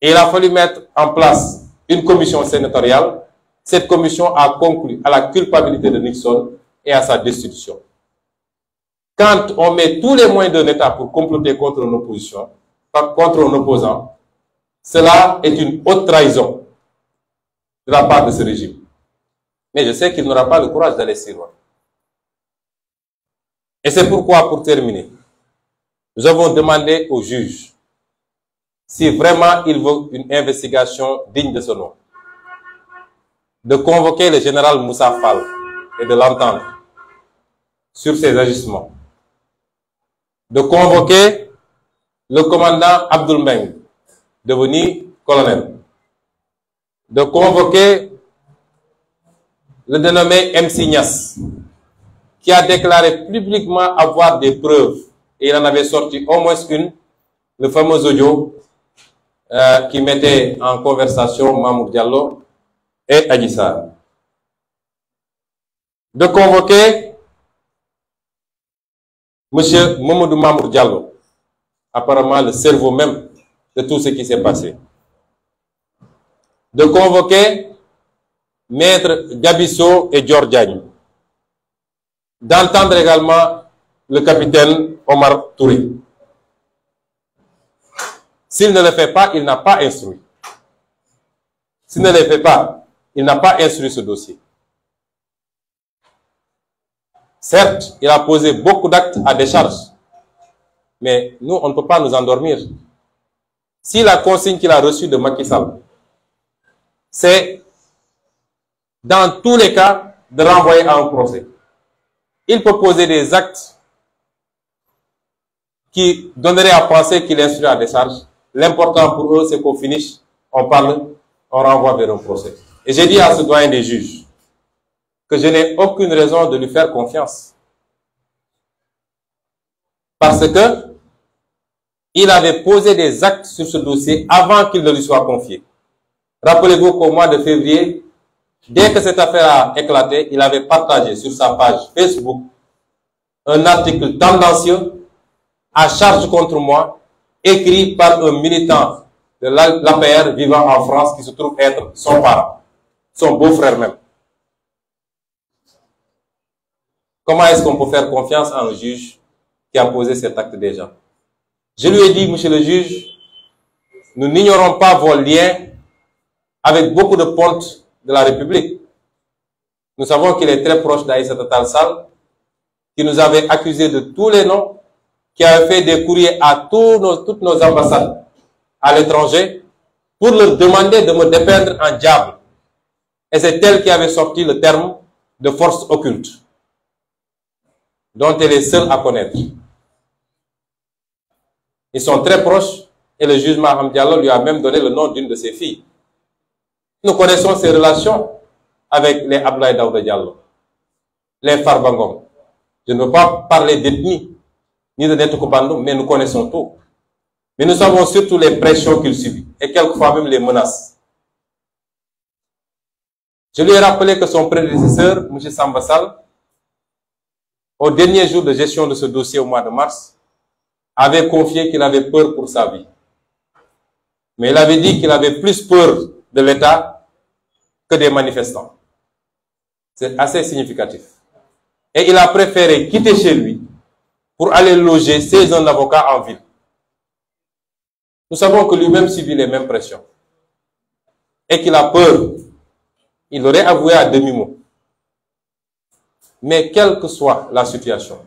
Speaker 1: Et il a fallu mettre en place une commission sénatoriale cette commission a conclu à la culpabilité de Nixon et à sa destitution. Quand on met tous les moyens d'un État pour comploter contre une contre un opposant, cela est une haute trahison de la part de ce régime. Mais je sais qu'il n'aura pas le courage d'aller si loin. Et c'est pourquoi, pour terminer, nous avons demandé au juge si vraiment il veut une investigation digne de ce nom de convoquer le général Moussa Fall et de l'entendre sur ses agissements, de convoquer le commandant Abdul devenu colonel, de convoquer le dénommé M. Signas, qui a déclaré publiquement avoir des preuves, et il en avait sorti au moins une, le fameux audio euh, qui mettait en conversation Mamour Diallo et Agissa. de convoquer M. Mamadou Mamour Diallo, apparemment le cerveau même de tout ce qui s'est passé, de convoquer Maître Gabisso et Giorgiani. d'entendre également le capitaine Omar Touré. S'il ne le fait pas, il n'a pas instruit. S'il ne le fait pas, il n'a pas instruit ce dossier. Certes, il a posé beaucoup d'actes à décharge, mais nous, on ne peut pas nous endormir. Si la consigne qu'il a reçue de Macky Sall, c'est dans tous les cas de renvoyer à un procès. Il peut poser des actes qui donneraient à penser qu'il instruit à décharge. L'important pour eux, c'est qu'on finish, on parle, on renvoie vers un procès. Et j'ai dit à ce doyen des juges que je n'ai aucune raison de lui faire confiance. Parce que il avait posé des actes sur ce dossier avant qu'il ne lui soit confié. Rappelez-vous qu'au mois de février, dès que cette affaire a éclaté, il avait partagé sur sa page Facebook un article tendancieux à charge contre moi, écrit par un militant de l'APR vivant en France qui se trouve être son parent son beau-frère même. Comment est-ce qu'on peut faire confiance à un juge qui a posé cet acte déjà Je lui ai dit, monsieur le juge, nous n'ignorons pas vos liens avec beaucoup de portes de la République. Nous savons qu'il est très proche d'Aïssa Tatalsal, qui nous avait accusés de tous les noms, qui avait fait des courriers à tous nos, toutes nos ambassades à l'étranger pour leur demander de me dépeindre en diable. Et c'est elle qui avait sorti le terme de force occulte, dont elle est seule à connaître. Ils sont très proches et le juge Maham Diallo lui a même donné le nom d'une de ses filles. Nous connaissons ses relations avec les Ablaï Diallo, les Farbangom. Je ne veux pas parler d'ethnie, ni de Netukubandou, mais nous connaissons tout. Mais nous savons surtout les pressions qu'il subit et quelquefois même les menaces. Je lui ai rappelé que son prédécesseur, M. Sambassal, au dernier jour de gestion de ce dossier au mois de mars, avait confié qu'il avait peur pour sa vie. Mais il avait dit qu'il avait plus peur de l'État que des manifestants. C'est assez significatif. Et il a préféré quitter chez lui pour aller loger ses un avocat en ville. Nous savons que lui-même subit les mêmes pressions et qu'il a peur il aurait avoué à demi-mot. Mais quelle que soit la situation,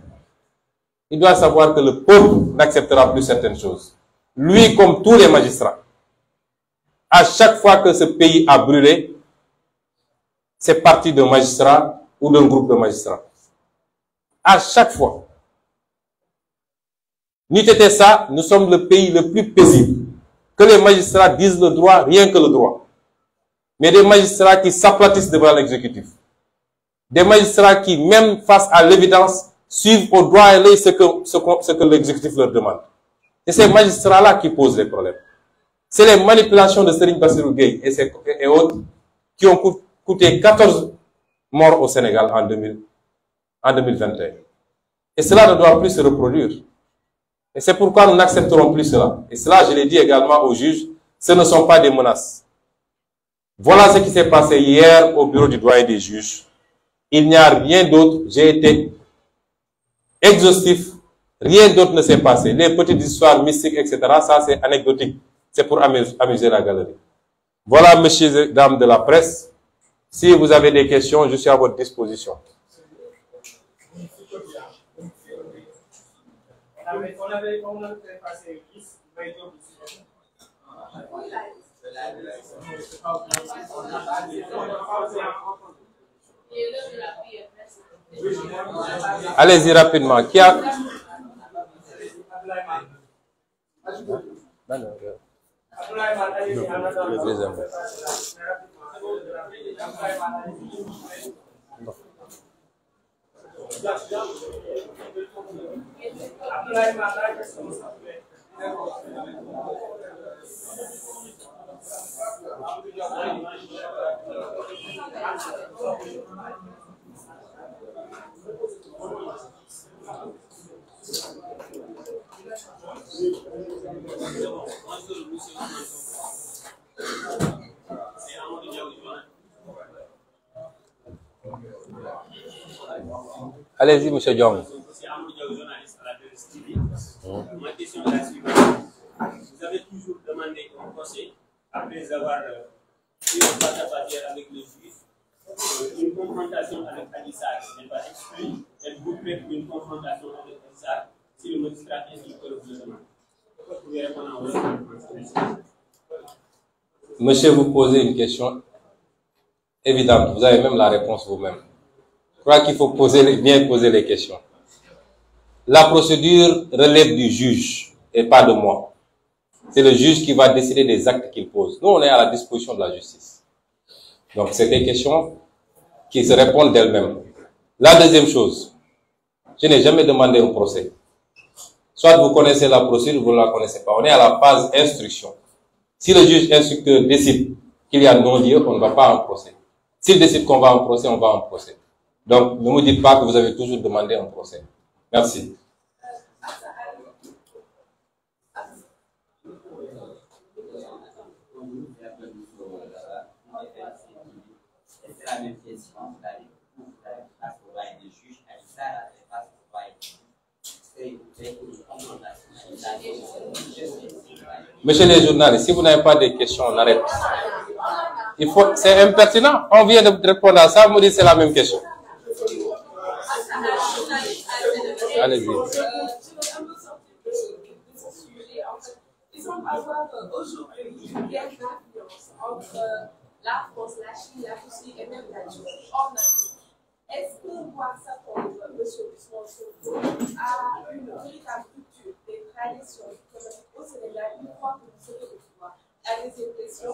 Speaker 1: il doit savoir que le peuple n'acceptera plus certaines choses. Lui comme tous les magistrats. À chaque fois que ce pays a brûlé, c'est parti d'un magistrat ou d'un groupe de magistrats. À chaque fois. N'eût été ça, nous sommes le pays le plus paisible. Que les magistrats disent le droit, rien que le droit mais des magistrats qui s'aplatissent devant l'exécutif. Des magistrats qui, même face à l'évidence, suivent au droit et l'œil ce que, ce que, l'exécutif leur demande. Et ces magistrats-là qui posent les problèmes. C'est les manipulations de Serigne Bassirou Gueye et, autres qui ont coûté 14 morts au Sénégal en, en 2021. Et cela ne doit plus se reproduire. Et c'est pourquoi nous n'accepterons plus cela. Et cela, je l'ai dit également aux juges, ce ne sont pas des menaces. Voilà ce qui s'est passé hier au bureau du et des juges. Il n'y a rien d'autre. J'ai été exhaustif. Rien d'autre ne s'est passé. Les petites histoires mystiques, etc., ça c'est anecdotique. C'est pour amuser la galerie. Voilà, messieurs et dames de la presse. Si vous avez des questions, je suis à votre disposition.
Speaker 2: Allez-y rapidement. Qui a... Allez-y, monsieur Jong. les avoir eu en face à face avec les juifs, euh, une confrontation avec Anissa n'est pas exclue, elle vous prête une confrontation avec Anissa si le magistrat insulte le gouvernement.
Speaker 1: Monsieur, vous posez une question évidente. Vous avez même la réponse vous-même. Je crois qu'il faut poser, bien poser les questions. La procédure relève du juge et pas de moi. C'est le juge qui va décider des actes qu'il pose. Nous, on est à la disposition de la justice. Donc, c'est des questions qui se répondent d'elles-mêmes. La deuxième chose, je n'ai jamais demandé un procès. Soit vous connaissez la procédure, vous ne la connaissez pas. On est à la phase instruction. Si le juge instructeur décide qu'il y a non-lieu, on ne va pas en procès. S'il décide qu'on va en procès, on va en procès. Donc, ne me dites pas que vous avez toujours demandé un procès. Merci. la le journalistes, si vous n'avez pas de questions, on arrête. c'est impertinent. On vient de répondre à ça, vous dites c'est la même question.
Speaker 2: Allez-y la France, la Chine, la Russie et même la Turquie en Afrique. Est-ce que voir ça comme M. Ousmane à une véritable culture des traditions au Sénégal une fois que vous serez au pouvoir La deuxième question.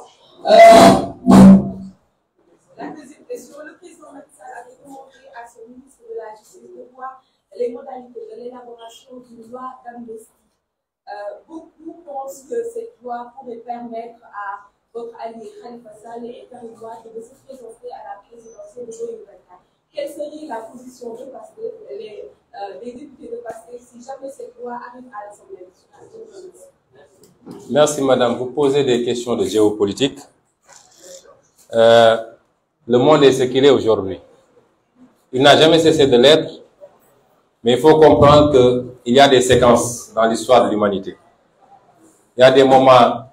Speaker 2: La deuxième question, le président Macky a demandé à son ministre de la Justice de voir les modalités de l'élaboration d'une loi d'amnistie. beaucoup pensent que cette loi pourrait permettre à votre ami Khalifa Sall est Karim Wade de se présenter à la présidentielle de 2024. Quelle serait la position de Pastef, euh, les, euh, les, députés de Pastef, si jamais cette loi arrive
Speaker 1: à l'Assemblée nationale Merci. Merci Madame. Vous posez des questions de géopolitique. Euh, le monde est ce qu'il est aujourd'hui. Il n'a jamais cessé de l'être, mais il faut comprendre qu'il y a des séquences dans l'histoire de l'humanité. Il y a des moments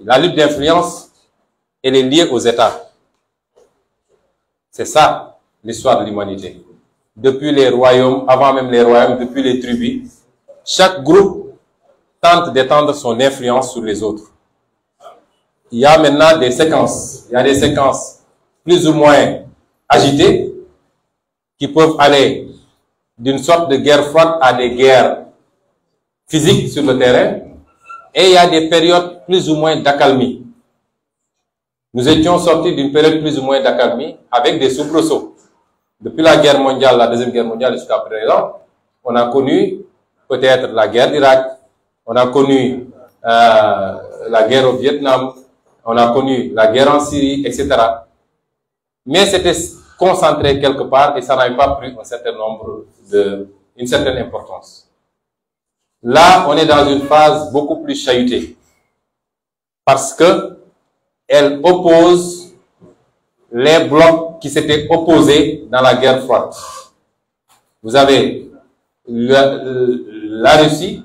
Speaker 1: la lutte d'influence, elle est liée aux États. C'est ça l'histoire de l'humanité. Depuis les royaumes, avant même les royaumes, depuis les tribus, chaque groupe tente d'étendre son influence sur les autres. Il y a maintenant des séquences, il y a des séquences plus ou moins agitées qui peuvent aller d'une sorte de guerre froide à des guerres physiques sur le terrain, et il y a des périodes plus ou moins d'accalmie. Nous étions sortis d'une période plus ou moins d'accalmie avec des soubresauts. Depuis la guerre mondiale, la deuxième guerre mondiale jusqu'à présent, on a connu peut-être la guerre d'Irak, on a connu euh, la guerre au Vietnam, on a connu la guerre en Syrie, etc. Mais c'était concentré quelque part et ça n'avait pas pris un certain nombre de, une certaine importance. Là, on est dans une phase beaucoup plus chahutée parce que elle oppose les blocs qui s'étaient opposés dans la guerre froide. Vous avez la Russie,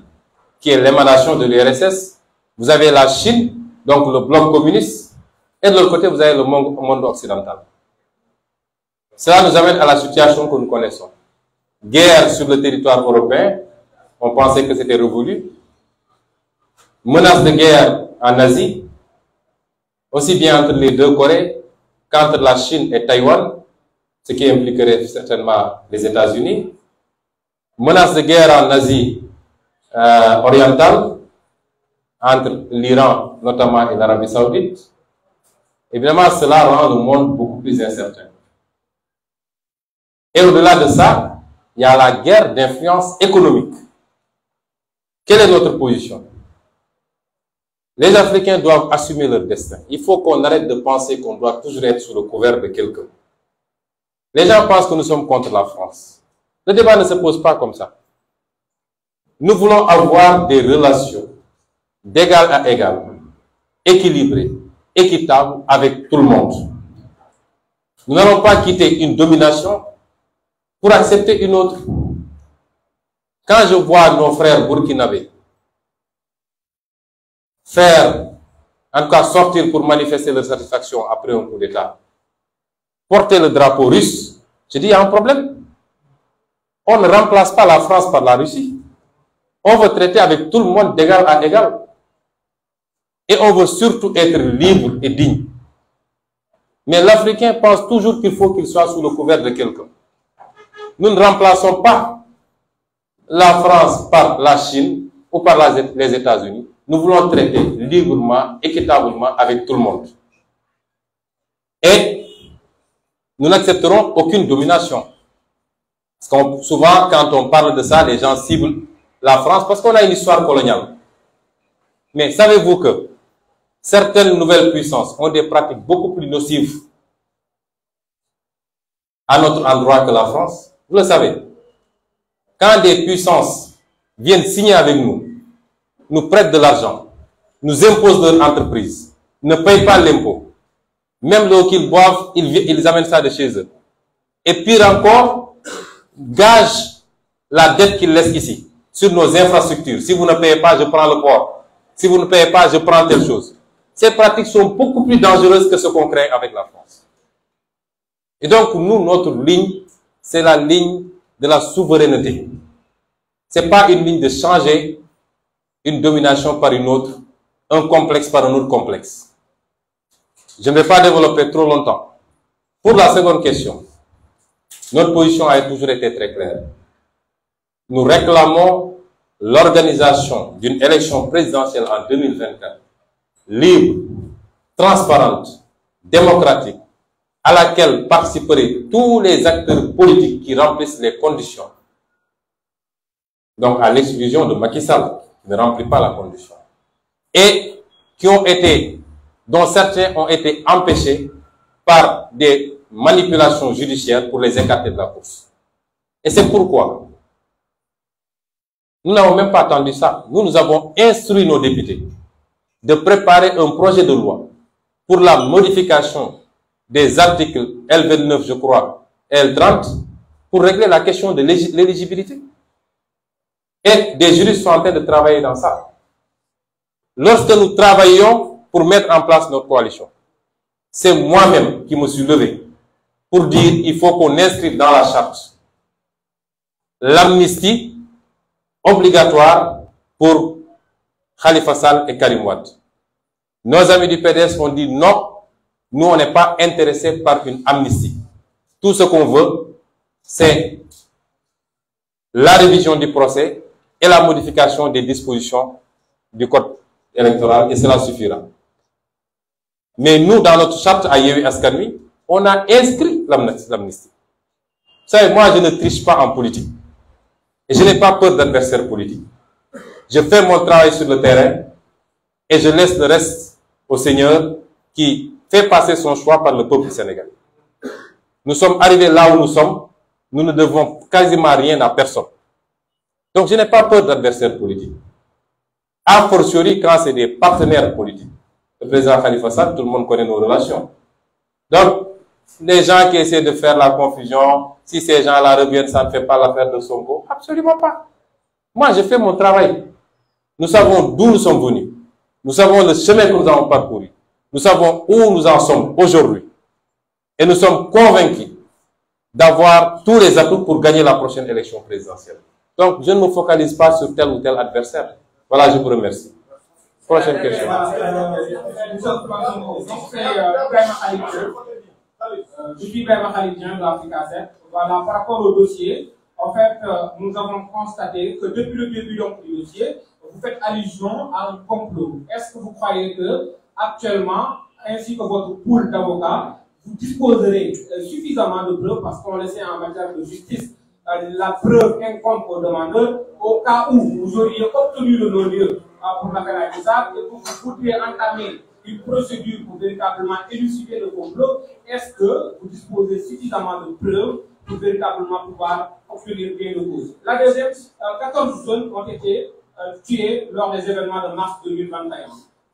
Speaker 1: qui est l'émanation de l'URSS, vous avez la Chine, donc le bloc communiste, et de l'autre côté, vous avez le monde occidental. Cela nous amène à la situation que nous connaissons. Guerre sur le territoire européen, on pensait que c'était révolu. Menace de guerre en Asie, aussi bien entre les deux Corées qu'entre la Chine et Taïwan, ce qui impliquerait certainement les États-Unis. Menace de guerre en Asie euh, orientale, entre l'Iran notamment et l'Arabie saoudite. Évidemment, cela rend le monde beaucoup plus incertain. Et au-delà de ça, il y a la guerre d'influence économique quelle est notre position Les Africains doivent assumer leur destin. Il faut qu'on arrête de penser qu'on doit toujours être sous le couvert de quelqu'un. Les gens pensent que nous sommes contre la France. Le débat ne se pose pas comme ça. Nous voulons avoir des relations d'égal à égal, équilibrées, équitables avec tout le monde. Nous n'allons pas quitter une domination pour accepter une autre. Quand je vois nos frères burkinabés faire, en cas sortir pour manifester leur satisfaction après un coup d'État, porter le drapeau russe, je dis, il y a un problème. On ne remplace pas la France par la Russie. On veut traiter avec tout le monde d'égal à égal. Et on veut surtout être libre et digne. Mais l'Africain pense toujours qu'il faut qu'il soit sous le couvert de quelqu'un. Nous ne remplaçons pas la France par la Chine ou par les États-Unis. Nous voulons traiter librement, équitablement avec tout le monde. Et nous n'accepterons aucune domination. Parce qu'on, souvent, quand on parle de ça, les gens ciblent la France parce qu'on a une histoire coloniale. Mais savez-vous que certaines nouvelles puissances ont des pratiques beaucoup plus nocives à notre endroit que la France Vous le savez quand des puissances viennent signer avec nous, nous prêtent de l'argent, nous imposent leur entreprise, ne payent pas l'impôt, même l'eau qu'ils boivent, ils, ils amènent ça de chez eux. Et pire encore, gagent la dette qu'ils laissent ici, sur nos infrastructures. Si vous ne payez pas, je prends le port. Si vous ne payez pas, je prends telle chose. Ces pratiques sont beaucoup plus dangereuses que ce qu'on crée avec la France. Et donc, nous, notre ligne, c'est la ligne de la souveraineté. Ce n'est pas une ligne de changer une domination par une autre, un complexe par un autre complexe. Je ne vais pas développer trop longtemps. Pour la seconde question, notre position a toujours été très claire. Nous réclamons l'organisation d'une élection présidentielle en 2024 libre, transparente, démocratique, à laquelle participeraient tous les acteurs politiques qui remplissent les conditions. Donc, à l'exclusion de Macky Sall, qui ne remplit pas la condition. Et qui ont été, dont certains ont été empêchés par des manipulations judiciaires pour les écarter de la course. Et c'est pourquoi nous n'avons même pas attendu ça. Nous, nous avons instruit nos députés de préparer un projet de loi pour la modification des articles L29, je crois, L30, pour régler la question de l'éligibilité. Et des juristes sont en train de travailler dans ça. Lorsque nous travaillons pour mettre en place notre coalition, c'est moi-même qui me suis levé pour dire il faut qu'on inscrive dans la charte l'amnistie obligatoire pour Khalifa Sall et Karim Nos amis du PDS ont dit non nous, on n'est pas intéressé par une amnistie. Tout ce qu'on veut, c'est la révision du procès et la modification des dispositions du code
Speaker 2: électoral, et cela
Speaker 1: suffira. Mais nous, dans notre charte à Yewi Askanui, on a inscrit l'amnistie. Vous savez, moi, je ne triche pas en politique. je n'ai pas peur d'adversaires politiques. Je fais mon travail sur le terrain et je laisse le reste au Seigneur qui fait passer son choix par le peuple sénégalais. Nous sommes arrivés là où nous sommes. Nous ne devons quasiment rien à personne. Donc je n'ai pas peur d'adversaires politiques. A fortiori quand c'est des partenaires politiques. Le président Khalifa Sall, tout le monde connaît nos relations. Donc, les gens qui essaient de faire la confusion, si ces gens-là reviennent, ça ne fait pas l'affaire de Sonko. Absolument pas. Moi, je fais mon travail. Nous savons d'où nous sommes venus. Nous savons le chemin que nous avons parcouru. Nous savons où nous en sommes aujourd'hui. Et nous sommes convaincus d'avoir tous les atouts pour gagner la prochaine élection présidentielle. Donc, je ne me focalise pas sur tel ou tel adversaire. Voilà, je vous remercie. Prochaine question.
Speaker 2: Je suis Père Khalidjian de l'Afrique. 7. Voilà, par rapport au dossier, en fait, euh, nous avons constaté que depuis le début du dossier, vous faites allusion à un complot. Est-ce que vous croyez que actuellement, ainsi que votre pool d'avocats, vous disposerez euh, suffisamment de preuves parce qu'on laissait en matière de justice euh, la preuve incombe au demandeur au cas où vous auriez obtenu le non-lieu ah, pour la canalisable et que vous pourriez entamer une procédure pour véritablement élucider le complot, est-ce que vous disposez suffisamment de preuves pour véritablement pouvoir obtenir bien de cause La deuxième, 14 euh, personnes ont été tuées lors des événements de mars 2021.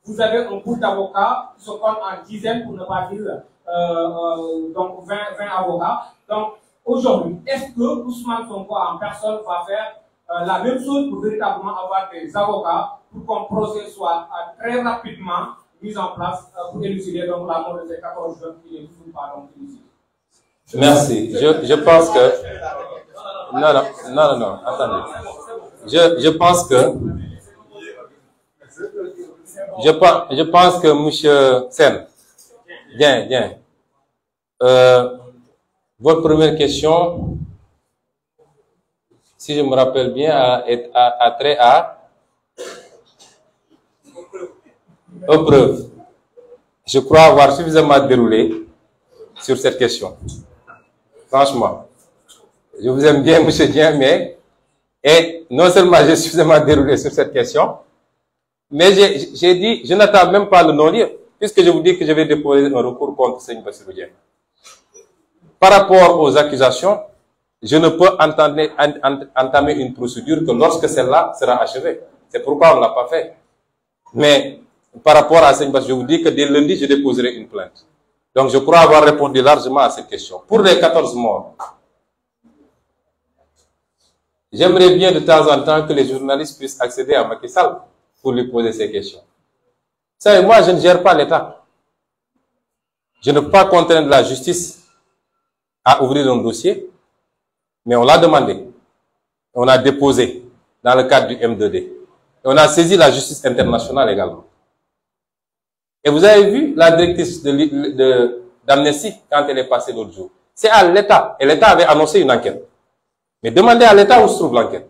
Speaker 2: Vous avez un groupe d'avocats qui se compte en dizaines, pour ne pas dire euh, euh, donc 20, avocats. Donc, aujourd'hui, est-ce que Ousmane Sonko en personne va faire euh, la même chose pour véritablement avoir des avocats pour qu'un procès soit très rapidement mis en place pour élucider donc, la mort de ces 14 jeunes qui est toujours pas donc
Speaker 1: Merci. Je, je, pense que... Non, non, non, non, attendez. Je, je pense que je, pense que M. Sen, bien, bien. Euh, votre première question, si je me rappelle bien, a, trait à aux preuve. Je crois avoir suffisamment déroulé sur cette question. Franchement, je vous aime bien, (laughs) M. Dien, mais et non seulement j'ai suffisamment déroulé sur cette question, mais j'ai dit, je n'attends même pas le non-lieu, puisque je vous dis que je vais déposer un recours contre Seigneur Bassirou Par rapport aux accusations, je ne peux entamer, une procédure que lorsque celle-là sera achevée. C'est pourquoi on ne l'a pas fait. Mais par rapport à Seigneur je vous dis que dès lundi, je déposerai une plainte. Donc je crois avoir répondu largement à cette question. Pour les 14 morts, j'aimerais bien de temps en temps que les journalistes puissent accéder à Macky Sall pour lui poser ces questions. savez, moi, je ne gère pas l'État. Je ne peux pas contraindre la justice à ouvrir un dossier, mais on l'a demandé. On a déposé dans le cadre du M2D. on a saisi la justice internationale également. Et vous avez vu la directrice d'Amnesty quand elle est passée l'autre jour. C'est à l'État. Et l'État avait annoncé une enquête. Mais demandez à l'État où se trouve l'enquête.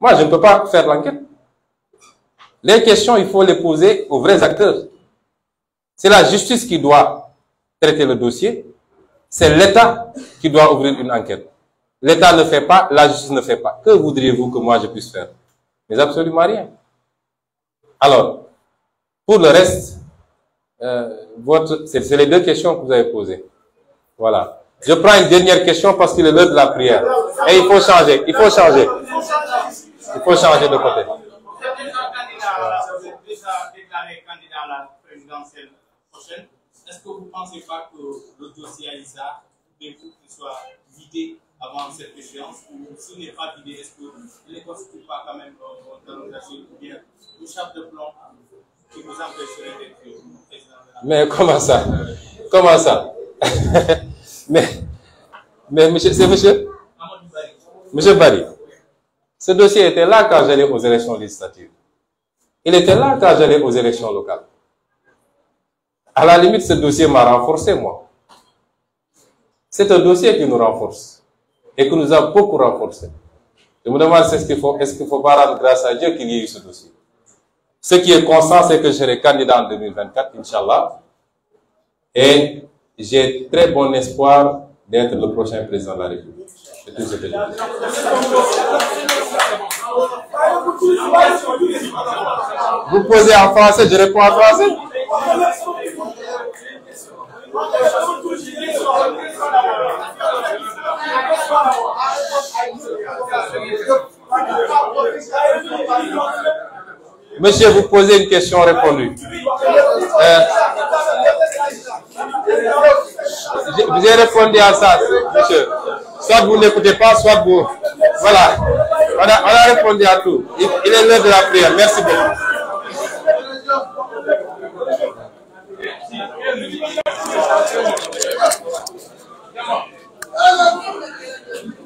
Speaker 1: Moi, je ne peux pas faire l'enquête. Les questions, il faut les poser aux vrais acteurs. C'est la justice qui doit traiter le dossier. C'est l'État qui doit ouvrir une enquête. L'État ne fait pas, la justice ne fait pas. Que voudriez-vous que moi je puisse faire Mais absolument rien. Alors, pour le reste, euh, c'est les deux questions que vous avez posées. Voilà. Je prends une dernière question parce qu'il est l'heure de la prière.
Speaker 2: Et il faut changer, il faut changer. Il faut changer de côté. Est-ce que vous ne pensez pas que le dossier Isa qu'il soit vidé avant cette échéance Ou ce n'est pas vidé, est-ce qu'il ne constitue pas quand même un euh, talon ou bien une chape de plan qui vous empêcherait
Speaker 1: d'être euh, président de la Mais comment ça Comment ça (laughs) Mais, mais monsieur, c'est monsieur Monsieur Barry, ce dossier était là quand j'allais aux élections législatives. Il était là quand j'allais aux élections locales. À la limite, ce dossier m'a renforcé, moi. C'est un dossier qui nous renforce et qui nous a beaucoup renforcé. Je me demande, est-ce qu'il faut, est-ce qu'il faut pas rendre grâce à Dieu qu'il y ait eu ce dossier? Ce qui est constant, c'est que je serai candidat en 2024, Inch'Allah. Et j'ai très bon espoir d'être le prochain président de la République. C'est tout ce Vous posez en français, je réponds en français. Monsieur, vous posez une question répondue. Euh, vous avez répondu à ça, monsieur. Soit vous n'écoutez pas, soit vous... Voilà. On a, répondu à tout. Il, il est l'heure de la prière. Merci beaucoup.
Speaker 2: Thank you.